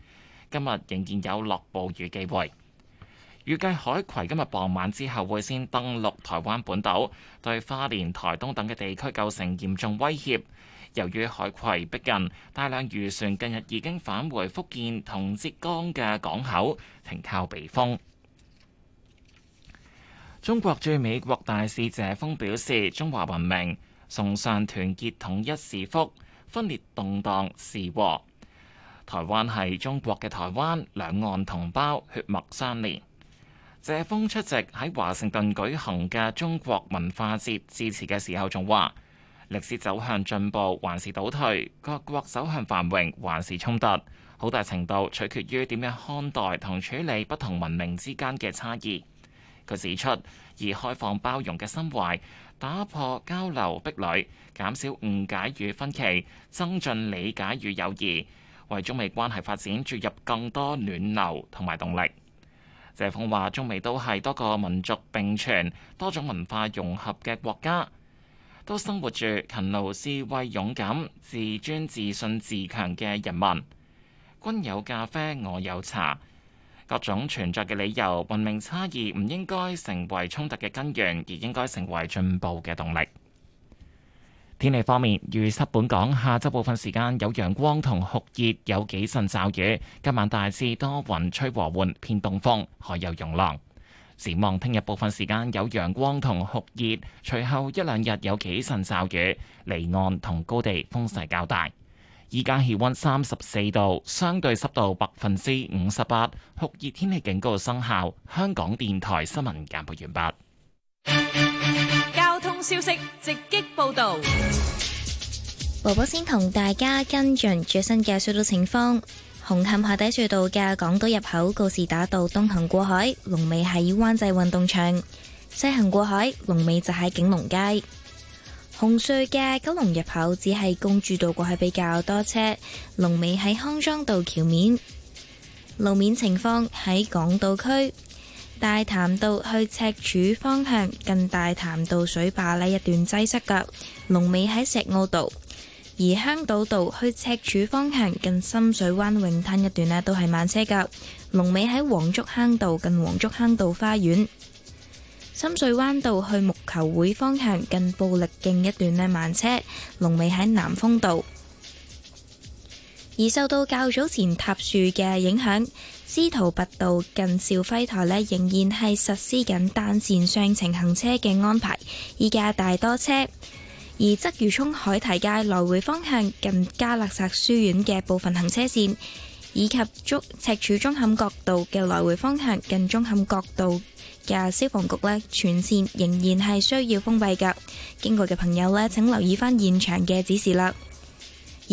今日仍然有落暴雨機會。預計海葵今日傍晚之後會先登陸台灣本島，對花蓮、台東等嘅地區構成嚴重威脅。由於海葵逼近，大量漁船近日已經返回福建同浙江嘅港口停靠避風。中國駐美國大使謝鋒表示，中華文明崇尚團結統一是福，分裂動盪是禍。台灣係中國嘅台灣，兩岸同胞血脈相連。謝鋒出席喺華盛頓舉行嘅中國文化節致辭嘅時候，仲話：歷史走向進步還是倒退，各國走向繁榮還是衝突，好大程度取決於點樣看待同處理不同文明之間嘅差異。佢指出，以開放包容嘅心懷，打破交流壁壘，減少誤解與分歧，增進理解與友誼，為中美關係發展注入更多暖流同埋動力。謝鋒話，中美都係多個民族並存、多種文化融合嘅國家，都生活住勤勞、智慧、勇敢、自尊、自信、自強嘅人民。君有咖啡，我有茶，各種存在嘅理由、文明差異唔應該成為衝突嘅根源，而應該成為進步嘅動力。天氣方面，預測本港下周部分時間有陽光同酷熱，有幾陣驟雨。今晚大致多雲，吹和緩，偏東風，海有湧浪。展望聽日部分時間有陽光同酷熱，隨後一兩日有幾陣驟雨，離岸同高地風勢較大。依家氣溫三十四度，相對濕度百分之五十八，酷熱天氣警告生效。香港電台新聞簡報完畢。消息直擊報道，我先同大家跟進最新嘅隧道情況。紅磡海底隧道嘅港島入口告士打道東行過海，龍尾喺灣仔運動場；西行過海，龍尾就喺景隆街。紅隧嘅九龍入口只係公主道過海比較多車，龍尾喺康莊道橋面。路面情況喺港島區。大潭道去赤柱方向近大潭道水壩呢一段擠塞噶，龍尾喺石澳道；而香島道去赤柱方向近深水灣泳灘一段呢都係慢車噶，龍尾喺黃竹坑道近黃竹坑道花園。深水灣道去木球會方向近布力徑一段呢慢車，龍尾喺南風道。而受到較早前塌樹嘅影響。司徒拔道近兆輝台呢，仍然係實施緊單線雙程行車嘅安排，依家大多車；而鰂魚涌海堤街來回方向近嘉諾撒書院嘅部分行車線，以及竹赤柱舂坎角道嘅來回方向近舂坎角道嘅消防局呢，全線仍然係需要封閉噶。經過嘅朋友呢，請留意翻現場嘅指示啦。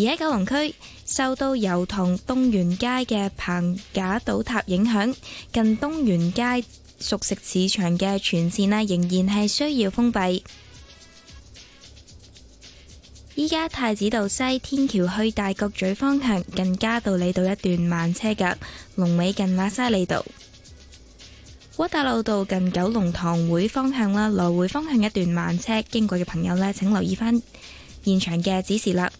而喺九龍區，受到油塘東源街嘅棚架倒塌影響，近東源街熟食市場嘅全線啊，仍然係需要封閉。依家太子道西天橋去大角咀方向，近嘉道理道一段慢車噶龍尾近喇沙利道。窩打老道近九龍塘會方向啦，來回方向一段慢車，經過嘅朋友呢，請留意翻現場嘅指示啦。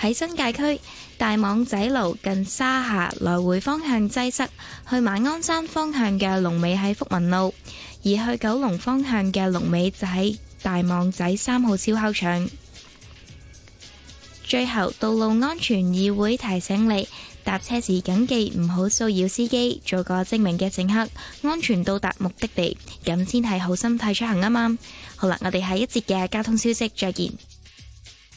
喺新界區大網仔路近沙下，來回方向擠塞；去馬鞍山方向嘅龍尾喺福民路，而去九龍方向嘅龍尾就喺大網仔三號燒烤場。最後，道路安全議會提醒你：搭車時謹記唔好騷擾司機，做個精明嘅乘客，安全到達目的地，咁先係好心態出行啊嘛！好啦，我哋下一節嘅交通消息再見。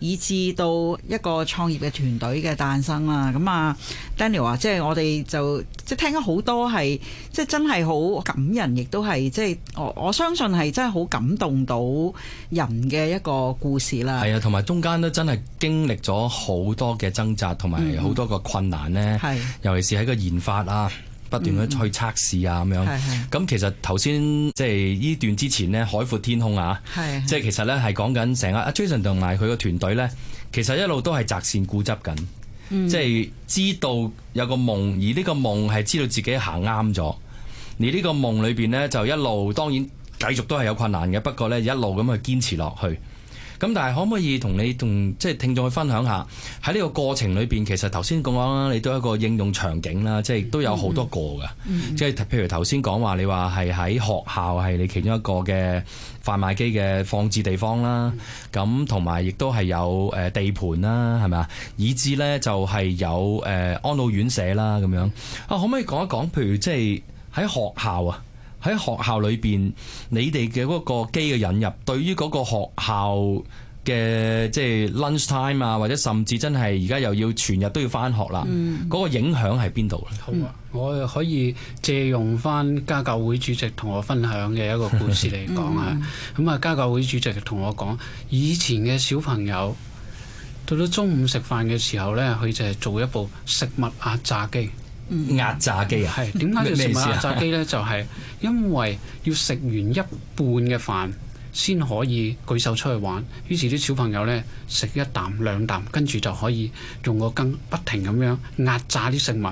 以至到一個創業嘅團隊嘅誕生啦，咁啊 Daniel 啊，即係我哋就即係、就是、聽咗好多係，即、就、係、是、真係好感人，亦都係即係我我相信係真係好感動到人嘅一個故事啦。係啊，同埋中間都真係經歷咗好多嘅掙扎，同埋好多個困難呢，係、嗯，尤其是喺個研發啊。不斷去測試啊，咁、嗯、樣。咁、嗯、其實頭先即係呢段之前呢，海闊天空啊，是即係其實呢，係講緊成日阿 Jason 同埋佢個團隊呢，其實一路都係擇善固執緊，嗯、即係知道有個夢，而呢個夢係知道自己行啱咗，而呢個夢裏邊呢，就一路當然繼續都係有困難嘅，不過呢，一路咁去堅持落去。咁但係可唔可以同你同即係聽眾去分享下喺呢個過程裏邊，其實頭先講啦，你都有一個應用場景啦，即係都有好多個嘅，mm hmm. 即係譬如頭先講話你話係喺學校係你其中一個嘅販賣機嘅放置地方啦，咁同埋亦都係有誒地盤啦，係咪啊？以至呢就係有誒安老院舍啦咁樣啊，可唔可以講一講？譬如即係喺學校啊？喺學校裏邊，你哋嘅嗰個機嘅引入，對於嗰個學校嘅即係 lunch time 啊，或者甚至真係而家又要全日都要翻學啦，嗰、嗯、個影響係邊度咧？好啊，我可以借用翻家教會主席同我分享嘅一個故事嚟講啊。咁、 嗯、啊，家教會主席同我講，以前嘅小朋友到咗中午食飯嘅時候呢，佢就係做一部食物壓榨機。壓榨機啊，係點解要食埋壓榨機呢？ 就係因為要食完一半嘅飯先可以舉手出去玩。於是啲小朋友呢，食一啖兩啖，跟住就可以用個羹不停咁樣壓榨啲食物，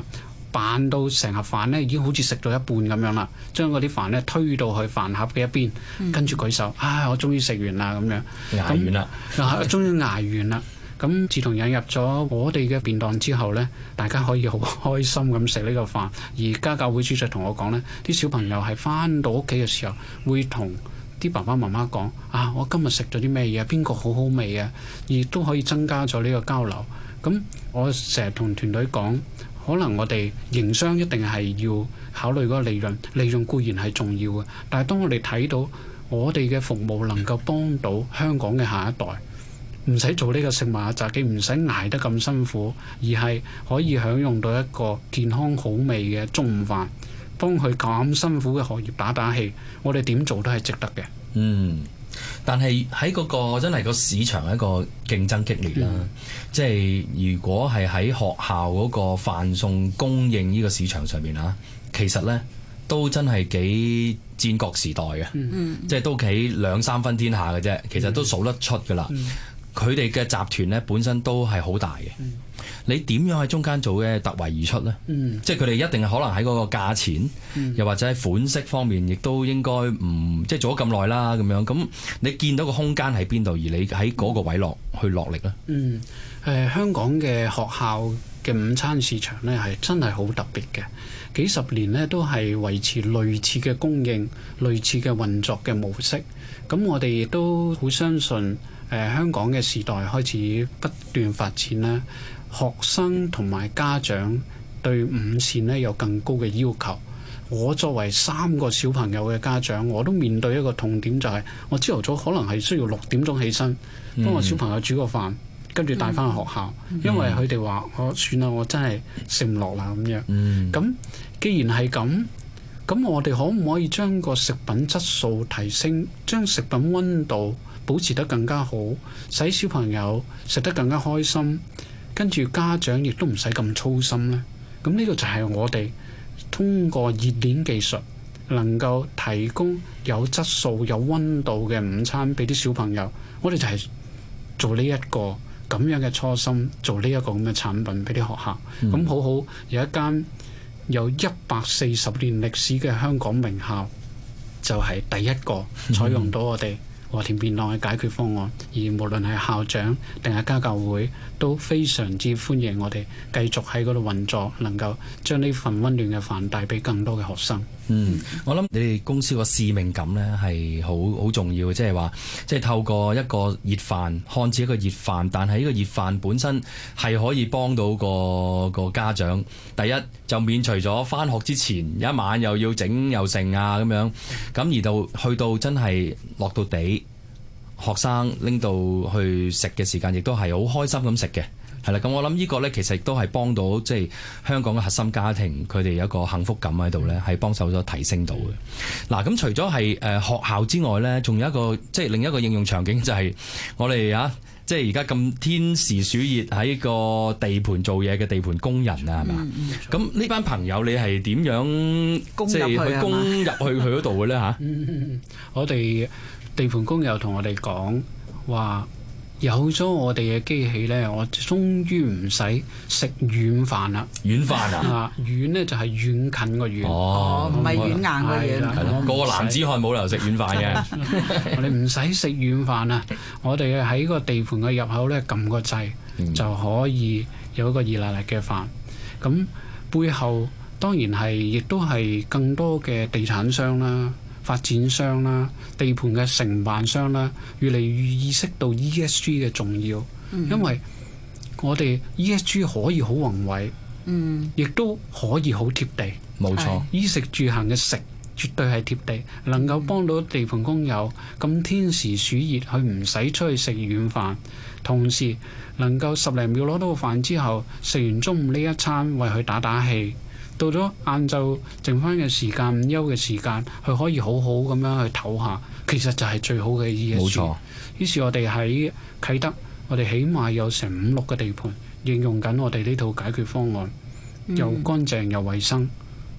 扮到成盒飯呢已經好似食到一半咁樣啦。嗯、將嗰啲飯呢推到去飯盒嘅一邊，跟住、嗯、舉手，唉、啊，我終於食完啦咁樣，牙完啦、嗯，終於牙完啦。 咁自從引入咗我哋嘅便當之後呢，大家可以好開心咁食呢個飯。而家教會主席同我講呢，啲小朋友係翻到屋企嘅時候，會同啲爸爸媽媽講：啊，我今日食咗啲咩嘢？邊個好好味啊！亦都可以增加咗呢個交流。咁我成日同團隊講，可能我哋營商一定係要考慮嗰個利潤，利潤固然係重要嘅，但係當我哋睇到我哋嘅服務能夠幫到香港嘅下一代。唔使做呢個食物啊！炸雞唔使捱得咁辛苦，而係可以享用到一個健康好味嘅中午飯，幫佢咁辛苦嘅學業打打氣。我哋點做都係值得嘅。嗯，但係喺嗰個真係個市場一個競爭激烈啦。即係、嗯、如果係喺學校嗰個飯餸供應呢個市場上面，啊，其實呢都真係幾戰國時代嘅，即係、嗯、都幾兩三分天下嘅啫。其實都數得出噶啦。嗯嗯佢哋嘅集團咧，本身都係好大嘅。嗯、你點樣喺中間做嘅，突圍而出呢？嗯，即係佢哋一定可能喺嗰個價錢，嗯、又或者款式方面，亦都應該唔即係做咗咁耐啦。咁樣咁，你見到個空間喺邊度，而你喺嗰個位落去落力咧。嗯，誒、嗯呃，香港嘅學校嘅午餐市場呢，係真係好特別嘅。幾十年呢，都係維持類似嘅供應、類似嘅運作嘅模式。咁我哋亦都好相信。誒、呃、香港嘅時代開始不斷發展咧，學生同埋家長對午膳呢有更高嘅要求。我作為三個小朋友嘅家長，我都面對一個痛點，就係、是、我朝頭早可能係需要六點鐘起身、嗯、幫個小朋友煮個飯，跟住帶翻去學校。嗯、因為佢哋話：嗯、我算啦，我真係食唔落啦咁樣。咁既然係咁，咁我哋可唔可以將個食品質素提升，將食品溫度保持得更加好，使小朋友食得更加開心，跟住家長亦都唔使咁操心咧。咁呢個就係我哋通過熱鏈技術能夠提供有質素、有溫度嘅午餐俾啲小朋友。我哋就係做呢、這、一個咁樣嘅初心，做呢一個咁嘅產品俾啲學校。咁、嗯、好好有一間有一百四十年歷史嘅香港名校，就係、是、第一個採用到我哋。嗯和田弁當嘅解決方案，而無論係校長定係家教會都非常之歡迎我哋繼續喺嗰度運作，能夠將呢份溫暖嘅飯帶俾更多嘅學生。嗯，我諗你哋公司個使命感呢係好好重要，即係話即係透過一個熱飯，看似一個熱飯，但係呢個熱飯本身係可以幫到個個家長。第一就免除咗返學之前一晚又要整又剩啊咁樣，咁而到去到真係落到地，學生拎到去食嘅時間，亦都係好開心咁食嘅。係啦，咁我諗呢個咧，其實亦都係幫到即係香港嘅核心家庭，佢哋有一個幸福感喺度咧，係幫手咗提升到嘅。嗱，咁除咗係誒學校之外咧，仲有一個即係另一個應用場景就係我哋啊，即係而家咁天時暑熱喺個地盤做嘢嘅地盤工人啊，係嘛？咁呢班朋友你係點樣即係去攻入去佢嗰度嘅咧？吓、嗯，嗯嗯嗯、我哋地盤工友同我哋講話。有咗我哋嘅機器呢，我終於唔使食軟飯啦。軟飯啊？啊， 軟呢就係軟近嘅軟，哦、oh,，唔係軟硬嘅軟啦。個男子漢冇理由食軟飯嘅 我哋唔使食軟飯啊！我哋喺個地盤嘅入口呢，撳個掣，就可以有一個熱辣辣嘅飯。咁背後當然係亦都係更多嘅地產商啦。發展商啦、地盤嘅承辦商啦，越嚟越意識到 ESG 嘅重要，嗯、因為我哋 ESG 可以好宏偉，嗯，亦都可以好貼地，冇錯。是衣食住行嘅食，絕對係貼地，能夠幫到地盤工友。咁天時暑熱，佢唔使出去食晏飯，同時能夠十零秒攞到飯之後，食完中午呢一餐，為佢打打氣。到咗晏晝，剩翻嘅時間、午、嗯、休嘅時間，佢可以好好咁樣去唞下，其實就係最好嘅意思。冇錯，於是我哋喺啟德，我哋起碼有成五六個地盤應用緊我哋呢套解決方案，又乾淨又衞生，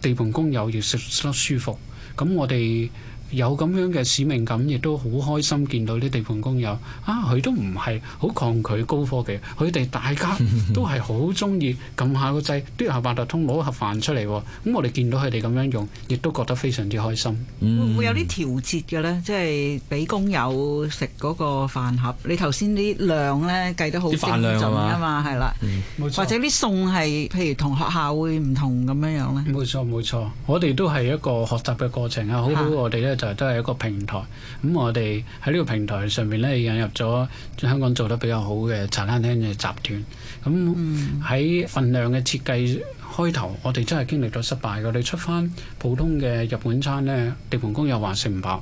地盤工友要食得舒服，咁我哋。有咁樣嘅使命感，亦都好開心見到啲地盤工友啊！佢都唔係好抗拒高科技，佢哋大家都係好中意撳下個掣，嘟一下八達通攞盒飯出嚟。咁我哋見到佢哋咁樣用，亦都覺得非常之開心。嗯、會唔會有啲調節嘅呢？即係俾工友食嗰個飯盒。你頭先啲量呢計得好精準啊嘛，係啦、啊。或者啲餸係譬如同學校會唔同咁樣樣呢？冇錯冇錯，我哋都係一個學習嘅過程啊！好，好我，我哋咧。就都係一個平台，咁我哋喺呢個平台上邊咧引入咗喺香港做得比較好嘅茶餐廳嘅集團。咁喺份量嘅設計開頭，我哋真係經歷咗失敗嘅。我哋出翻普通嘅日本餐咧，地盤工又話食唔飽。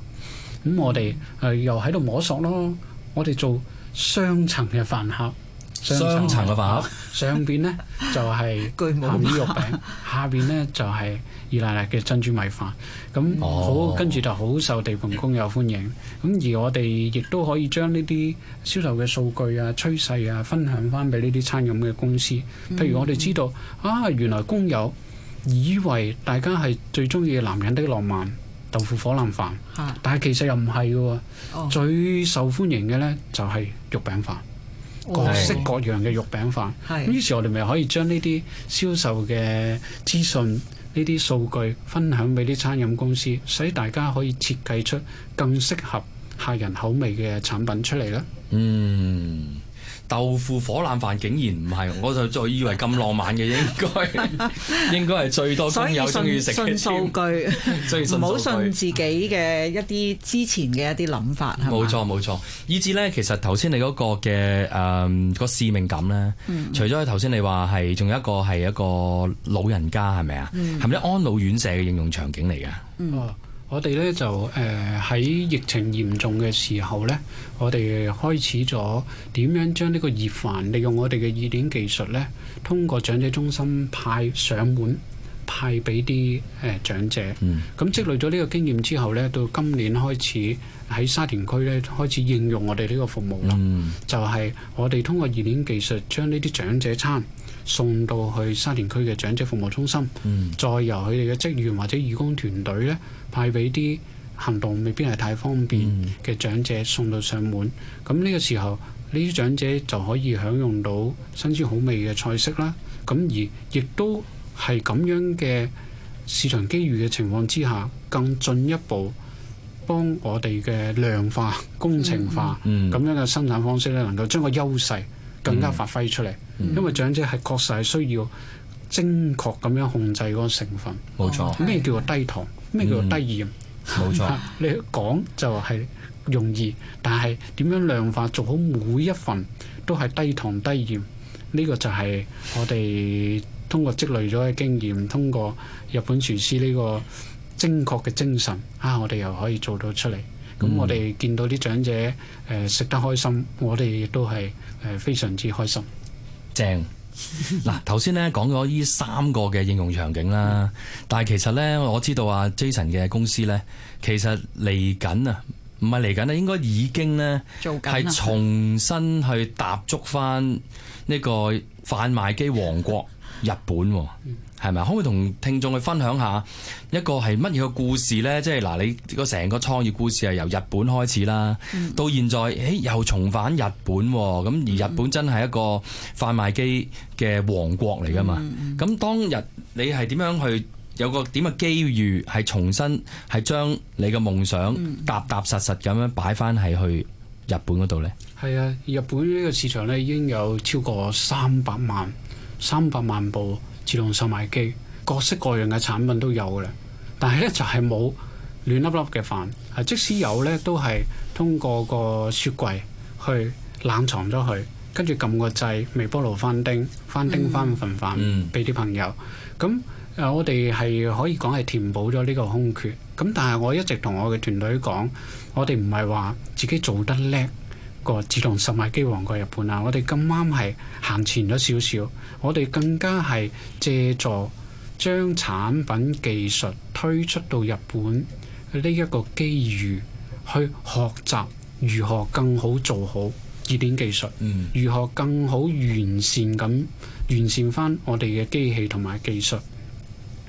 咁我哋係又喺度摸索咯。我哋做雙層嘅飯盒，雙層嘅飯盒，上邊咧就係鹹魚肉餅，下邊咧就係。熱辣辣嘅珍珠米飯，咁好跟住就好受地盤工友歡迎。咁而我哋亦都可以將呢啲銷售嘅數據啊、趨勢啊，分享翻俾呢啲餐飲嘅公司。譬如我哋知道、嗯、啊，原來工友以為大家係最中意男人的浪漫豆腐火腩飯，啊、但係其實又唔係嘅，哦、最受歡迎嘅呢就係肉餅飯，哦、各式各樣嘅肉餅飯。咁的的於是，我哋咪可以將呢啲銷售嘅資訊。呢啲數據分享俾啲餐飲公司，使大家可以設計出更適合客人口味嘅產品出嚟啦。嗯。豆腐火腩飯竟然唔係，我就再以為咁浪漫嘅， 應該應該係最多工友中意食嘅。所以信數據，唔好信，信自己嘅一啲之前嘅一啲諗法係嘛？冇錯冇錯，以至咧，其實頭先你嗰個嘅誒、嗯嗰個使命感咧，嗯、除咗頭先你話係，仲有一個係一個老人家係咪啊？係咪啲安老院舍嘅應用場景嚟㗎？嗯我哋咧就誒喺、呃、疫情嚴重嘅時候咧，我哋開始咗點樣將呢個熱飯利用我哋嘅熱鏈技術咧，通過長者中心派上門。派俾啲誒長者，咁積累咗呢個經驗之後呢，到今年開始喺沙田區呢開始應用我哋呢個服務啦。就係我哋通過熱鏈技術，將呢啲長者餐送到去沙田區嘅長者服務中心，再由佢哋嘅職員或者義工團隊呢派俾啲行動未必係太方便嘅長者送到上門。咁呢個時候，呢啲長者就可以享用到新鮮好味嘅菜式啦。咁而亦都，係咁樣嘅市場機遇嘅情況之下，更進一步幫我哋嘅量化工程化咁樣嘅生產方式咧，能夠將個優勢更加發揮出嚟。因為長者係確實係需要精確咁樣控制嗰個成分，冇錯。咩叫做低糖？咩叫做低鹽？冇錯。你講就係容易，但係點樣量化做好每一份都係低糖低鹽？呢個就係我哋。通過積累咗嘅經驗，通過日本廚師呢個精確嘅精神，啊，我哋又可以做到出嚟。咁、嗯、我哋見到啲長者誒食、呃、得開心，我哋亦都係誒非常之開心。正嗱頭先咧講咗呢三個嘅應用場景啦，嗯、但係其實咧我知道啊 Jason 嘅公司咧，其實嚟緊啊，唔係嚟緊咧，應該已經咧做緊係重新去踏足翻呢個販賣機王國。 日本係、啊、咪？可唔可以同聽眾去分享一下一個係乜嘢個故事呢？即係嗱，你個成個創業故事係由日本開始啦，嗯、到現在誒、欸、又重返日本咁、啊。而日本真係一個販賣機嘅王國嚟噶嘛？咁、嗯嗯嗯、當日你係點樣去有個點嘅機遇，係重新係將你嘅夢想踏，踏踏實實咁樣擺翻係去日本嗰度呢？係、嗯嗯、啊，日本呢個市場呢，已經有超過三百萬。三百萬部自動售賣機，各式各樣嘅產品都有嘅啦。但係咧就係冇暖粒粒嘅飯，啊即使有咧，都係通過個雪櫃去冷藏咗佢，跟住撳個掣，微波爐翻叮翻叮翻份飯，嗯，俾啲朋友。咁誒，我哋係可以講係填補咗呢個空缺。咁但係我一直同我嘅團隊講，我哋唔係話自己做得叻。個自動售賣機王國日本啊！我哋咁啱係行前咗少少，我哋更加係借助將產品技術推出到日本呢一個機遇，去學習如何更好做好熱點技術，嗯、如何更好完善咁完善翻我哋嘅機器同埋技術。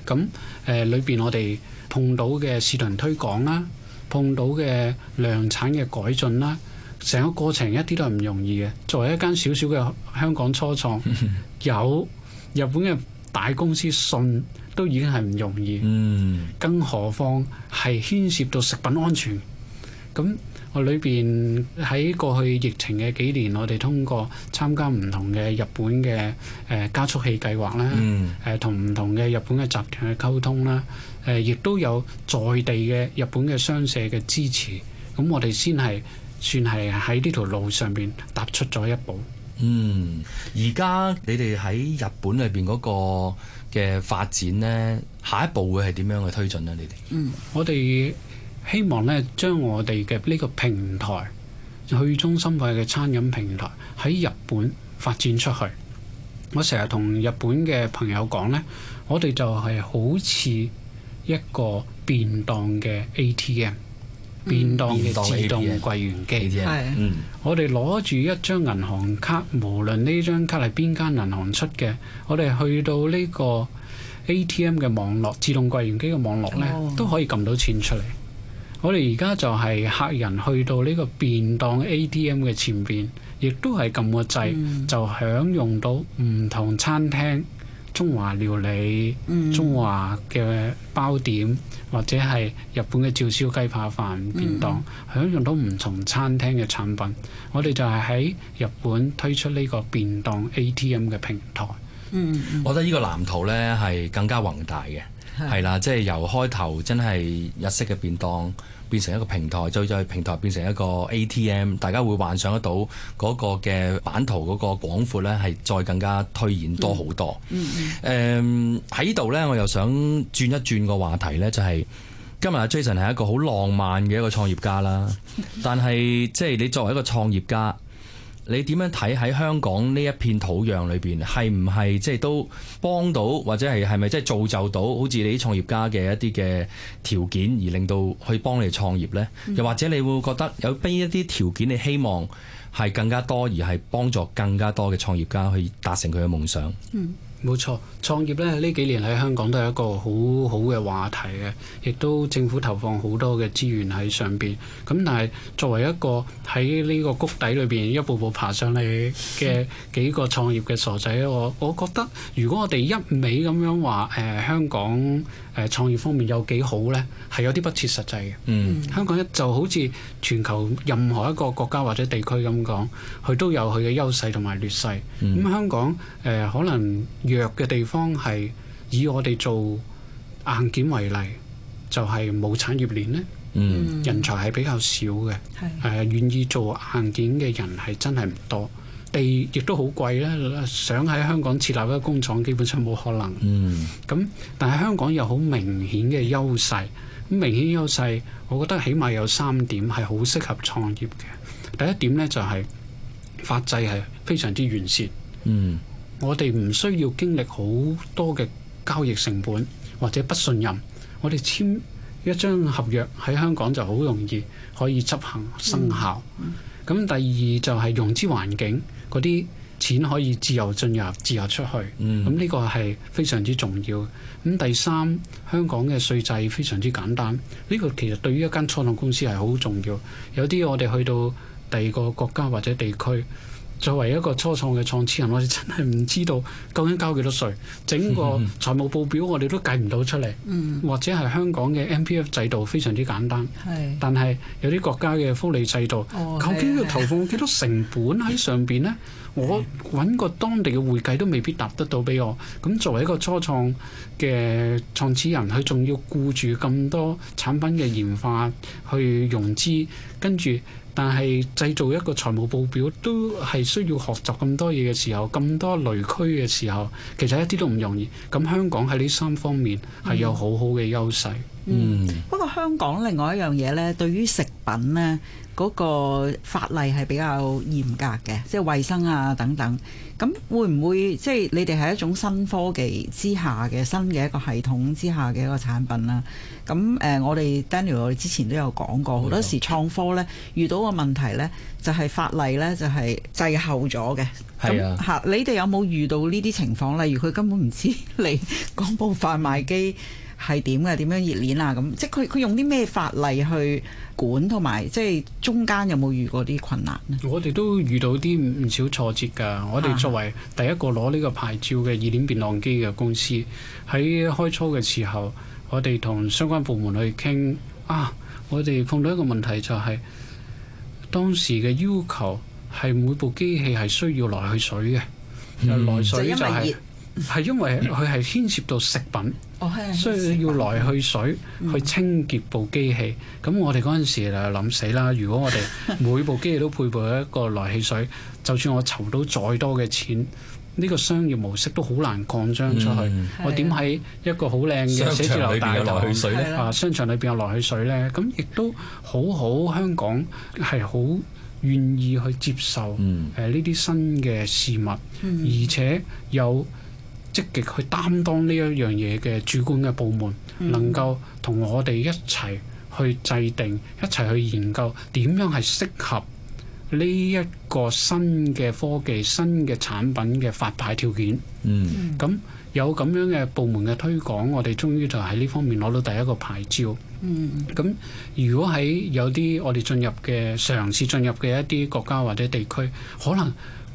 咁誒，裏、呃、邊我哋碰到嘅視頻推廣啦，碰到嘅量產嘅改進啦。成個過程一啲都係唔容易嘅。作為一間小小嘅香港初創， 有日本嘅大公司信都已經係唔容易，更何況係牽涉到食品安全咁。我裏面喺過去疫情嘅幾年，我哋通過參加唔同嘅日本嘅誒加速器計劃啦，誒 同唔同嘅日本嘅集團去溝通啦，亦都有在地嘅日本嘅商社嘅支持，咁我哋先係。算係喺呢條路上邊踏出咗一步。嗯，而家你哋喺日本裏邊嗰個嘅發展呢，下一步會係點樣嘅推進呢？你哋嗯，我哋希望呢，將我哋嘅呢個平台，去中心化嘅餐飲平台喺日本發展出去。我成日同日本嘅朋友講呢，我哋就係好似一個便當嘅 ATM。便當自動櫃員機啫，的我哋攞住一張銀行卡，無論呢張卡係邊間銀行出嘅，我哋去到呢個 ATM 嘅網絡自動櫃員機嘅網絡呢，都可以撳到錢出嚟。我哋而家就係客人去到呢個便當 ATM 嘅前邊，亦都係撳個掣，就享用到唔同餐廳。中華料理、嗯、中華嘅包點，或者係日本嘅照燒雞扒飯便當，享、嗯嗯、用到唔同餐廳嘅產品。我哋就係喺日本推出呢個便當 ATM 嘅平台。嗯、嗯，我覺得呢個藍圖呢係更加宏大嘅，係啦的，即係由開頭真係日式嘅便當。變成一個平台，再、就、再、是、平台變成一個 ATM，大家會幻想得到嗰個嘅版圖嗰個廣闊咧，係再更加推演多好多。誒喺呢度呢，我又想轉一轉個話題呢就係、是、今日 Jason 係一個好浪漫嘅一個創業家啦，但係即係你作為一個創業家。你點樣睇喺香港呢一片土壤裏邊，係唔係即係都幫到，或者係係咪即係造就到，好似你啲創業家嘅一啲嘅條件，而令到去幫你創業呢？又、嗯、或者你會覺得有邊一啲條件，你希望係更加多，而係幫助更加多嘅創業家去達成佢嘅夢想？嗯。冇錯，創業咧，呢幾年喺香港都係一個好好嘅話題嘅，亦都政府投放好多嘅資源喺上邊。咁但係作為一個喺呢個谷底裏邊一步步爬上嚟嘅幾個創業嘅傻仔，我我覺得如果我哋一味咁樣話，誒、呃、香港。誒、呃、創業方面有幾好咧？係有啲不切實際嘅。嗯，香港一就好似全球任何一個國家或者地區咁講，佢都有佢嘅優勢同埋劣勢。咁香港誒可能弱嘅地方係以我哋做硬件為例，就係、是、冇產業鏈咧。嗯，人才係比較少嘅。係誒的、呃，願意做硬件嘅人係真係唔多。地亦都好貴咧，想喺香港設立一個工廠，基本上冇可能。咁、嗯，但係香港有好明顯嘅優勢。明顯優勢，我覺得起碼有三點係好適合創業嘅。第一點呢，就係法制係非常之完善。嗯，我哋唔需要經歷好多嘅交易成本或者不信任，我哋簽一張合約喺香港就好容易可以執行生效。咁、嗯嗯、第二就係融資環境。嗰啲錢可以自由進入、自由出去，咁呢，嗯、個係非常之重要。咁第三，香港嘅稅制非常之簡單，呢個其實對於一間初創公司係好重要。有啲我哋去到第二個國家或者地區。作為一個初創嘅創始人，我哋真係唔知道究竟交幾多稅，整個財務報表我哋都計唔到出嚟。或者係香港嘅 MPF 制度非常之簡單，是但係有啲國家嘅福利制度，哦、究竟要投放幾多成本喺上邊呢？我揾個當地嘅會計都未必答得到俾我。咁作為一個初創嘅創始人，佢仲要顧住咁多產品嘅研發，去融資，跟住。但係製造一個財務報表都係需要學習咁多嘢嘅時候，咁多雷區嘅時候，其實一啲都唔容易。咁香港喺呢三方面係有好好嘅優勢。嗯，不過、嗯嗯、香港另外一樣嘢呢，對於食品呢。嗰個法例係比較嚴格嘅，即係衞生啊等等。咁會唔會即係你哋係一種新科技之下嘅新嘅一個系統之下嘅一個產品啦、啊？咁誒，我哋 Daniel，我哋之前都有講過，好多時創科呢遇到嘅問題呢，就係、是、法例呢就係、是、滯後咗嘅。係啊，你哋有冇遇到呢啲情況？例如佢根本唔知你嗰部販賣機。係點嘅？點樣，樣熱鏈啊？咁即係佢佢用啲咩法例去管，同埋即係中間有冇遇過啲困難咧？我哋都遇到啲唔少挫折噶。啊、我哋作為第一個攞呢個牌照嘅熱鏈便當機嘅公司，喺開初嘅時候，我哋同相關部門去傾啊，我哋碰到一個問題就係、是、當時嘅要求係每部機器係需要來去水嘅，又、嗯、來水就係、是。就係因為佢係牽涉到食品，所以要來去水去清潔部機器。咁我哋嗰陣時就諗死啦。如果我哋每部機器都配備一個來去水，就算我籌到再多嘅錢，呢個商業模式都好難擴張出去。我點喺一個好靚嘅寫字樓大堂啊，商場裏邊有來去水咧？咁亦都好好，香港係好願意去接受誒呢啲新嘅事物，而且有。積極去擔當呢一樣嘢嘅主管嘅部門，嗯、能夠同我哋一齊去制定、一齊去研究點樣係適合呢一個新嘅科技、新嘅產品嘅發牌條件。嗯，咁有咁樣嘅部門嘅推廣，我哋終於就喺呢方面攞到第一個牌照。嗯，咁如果喺有啲我哋進入嘅嘗試進入嘅一啲國家或者地區，可能。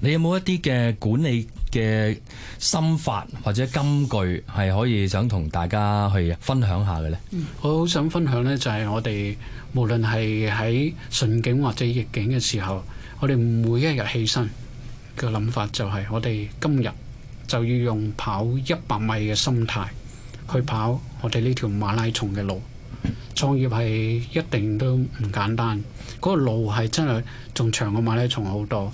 你有冇一啲嘅管理嘅心法或者金句，係可以想同大家去分享下嘅咧？我好想分享咧，就係我哋無論係喺順境或者逆境嘅時候，我哋每一日起身嘅諗法就係我哋今日就要用跑一百米嘅心態去跑我哋呢條馬拉松嘅路。創業係一定都唔簡單，嗰個路係真係仲長過馬拉松好多。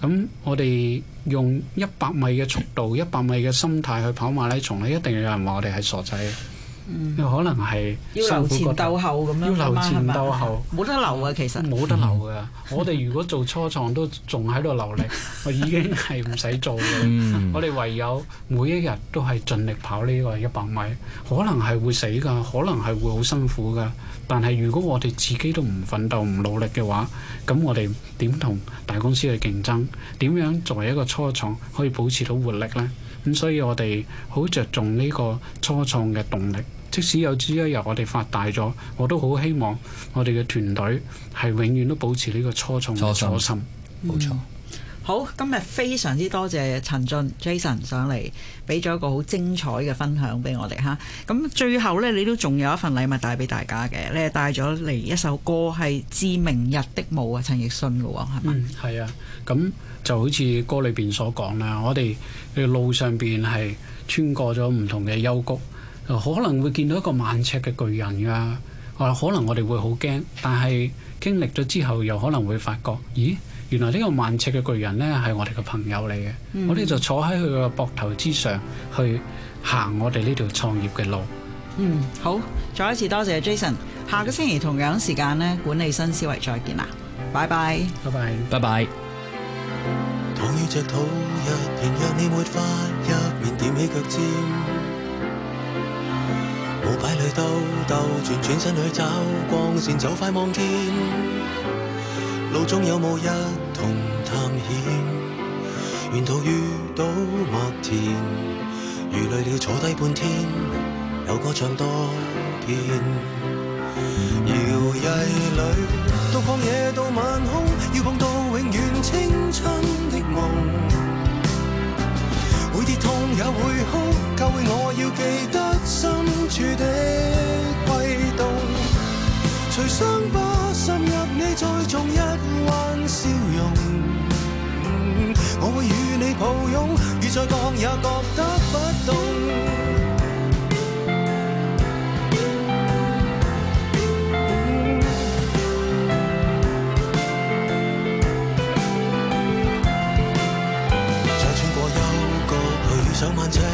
咁我哋用一百米嘅速度、一百米嘅心態去跑馬拉松，咧，一定有人話我哋係傻仔。嗯，有可能係要留前鬥後咁樣，要留前鬥後？冇得留啊，其實冇得留噶。我哋如果做初創都仲喺度留力，我已經係唔使做喇。我哋唯有每一日都係盡力跑呢個一百米，可能係會死噶，可能係會好辛苦噶。但係如果我哋自己都唔奮鬥，唔努力嘅話，咁我哋點同大公司去競爭？點樣作為一個初創可以保持到活力呢？咁所以我哋好着重呢個初創嘅動力。即使有朝一日我哋發大咗，我都好希望我哋嘅團隊係永遠都保持呢個初衷。初心。冇、嗯、錯、嗯。好，今日非常之多謝陳隽 Jason 上嚟，俾咗一個好精彩嘅分享俾我哋吓。咁最後呢，你都仲有一份禮物帶俾大家嘅，你係帶咗嚟一首歌係《致明日的舞》啊，陳奕迅嘅喎，係咪？係、嗯、啊。咁就好似歌裏邊所講啦，我哋嘅路上邊係穿過咗唔同嘅幽谷。可能會見到一個萬尺嘅巨人呀，啊，可能我哋會好驚，但係經歷咗之後，又可能會發覺，咦，原來呢個萬尺嘅巨人呢係我哋嘅朋友嚟嘅。我哋就坐喺佢嘅膊頭之上去行我哋呢條創業嘅路。嗯，好，再一次多謝 Jason，下個星期同樣時間呢，管理新思維再見啦，拜拜，拜拜，拜拜。躺於這土一片，若你沒法一面踮起腳尖。舞擺裏兜兜轉，轉身去找光線，走快望見。路中有霧一同探險。沿途遇到麥田，如累了坐低半天，有歌唱多遍，搖曳裏到曠野到晚空，要碰到永遠青春的夢。會跌痛也會哭。我會，我要記得深處的悸動。除傷疤滲入你，再種一彎笑容。我會與你抱擁，雨再降也覺得不凍。再穿過幽谷去賞晚晴。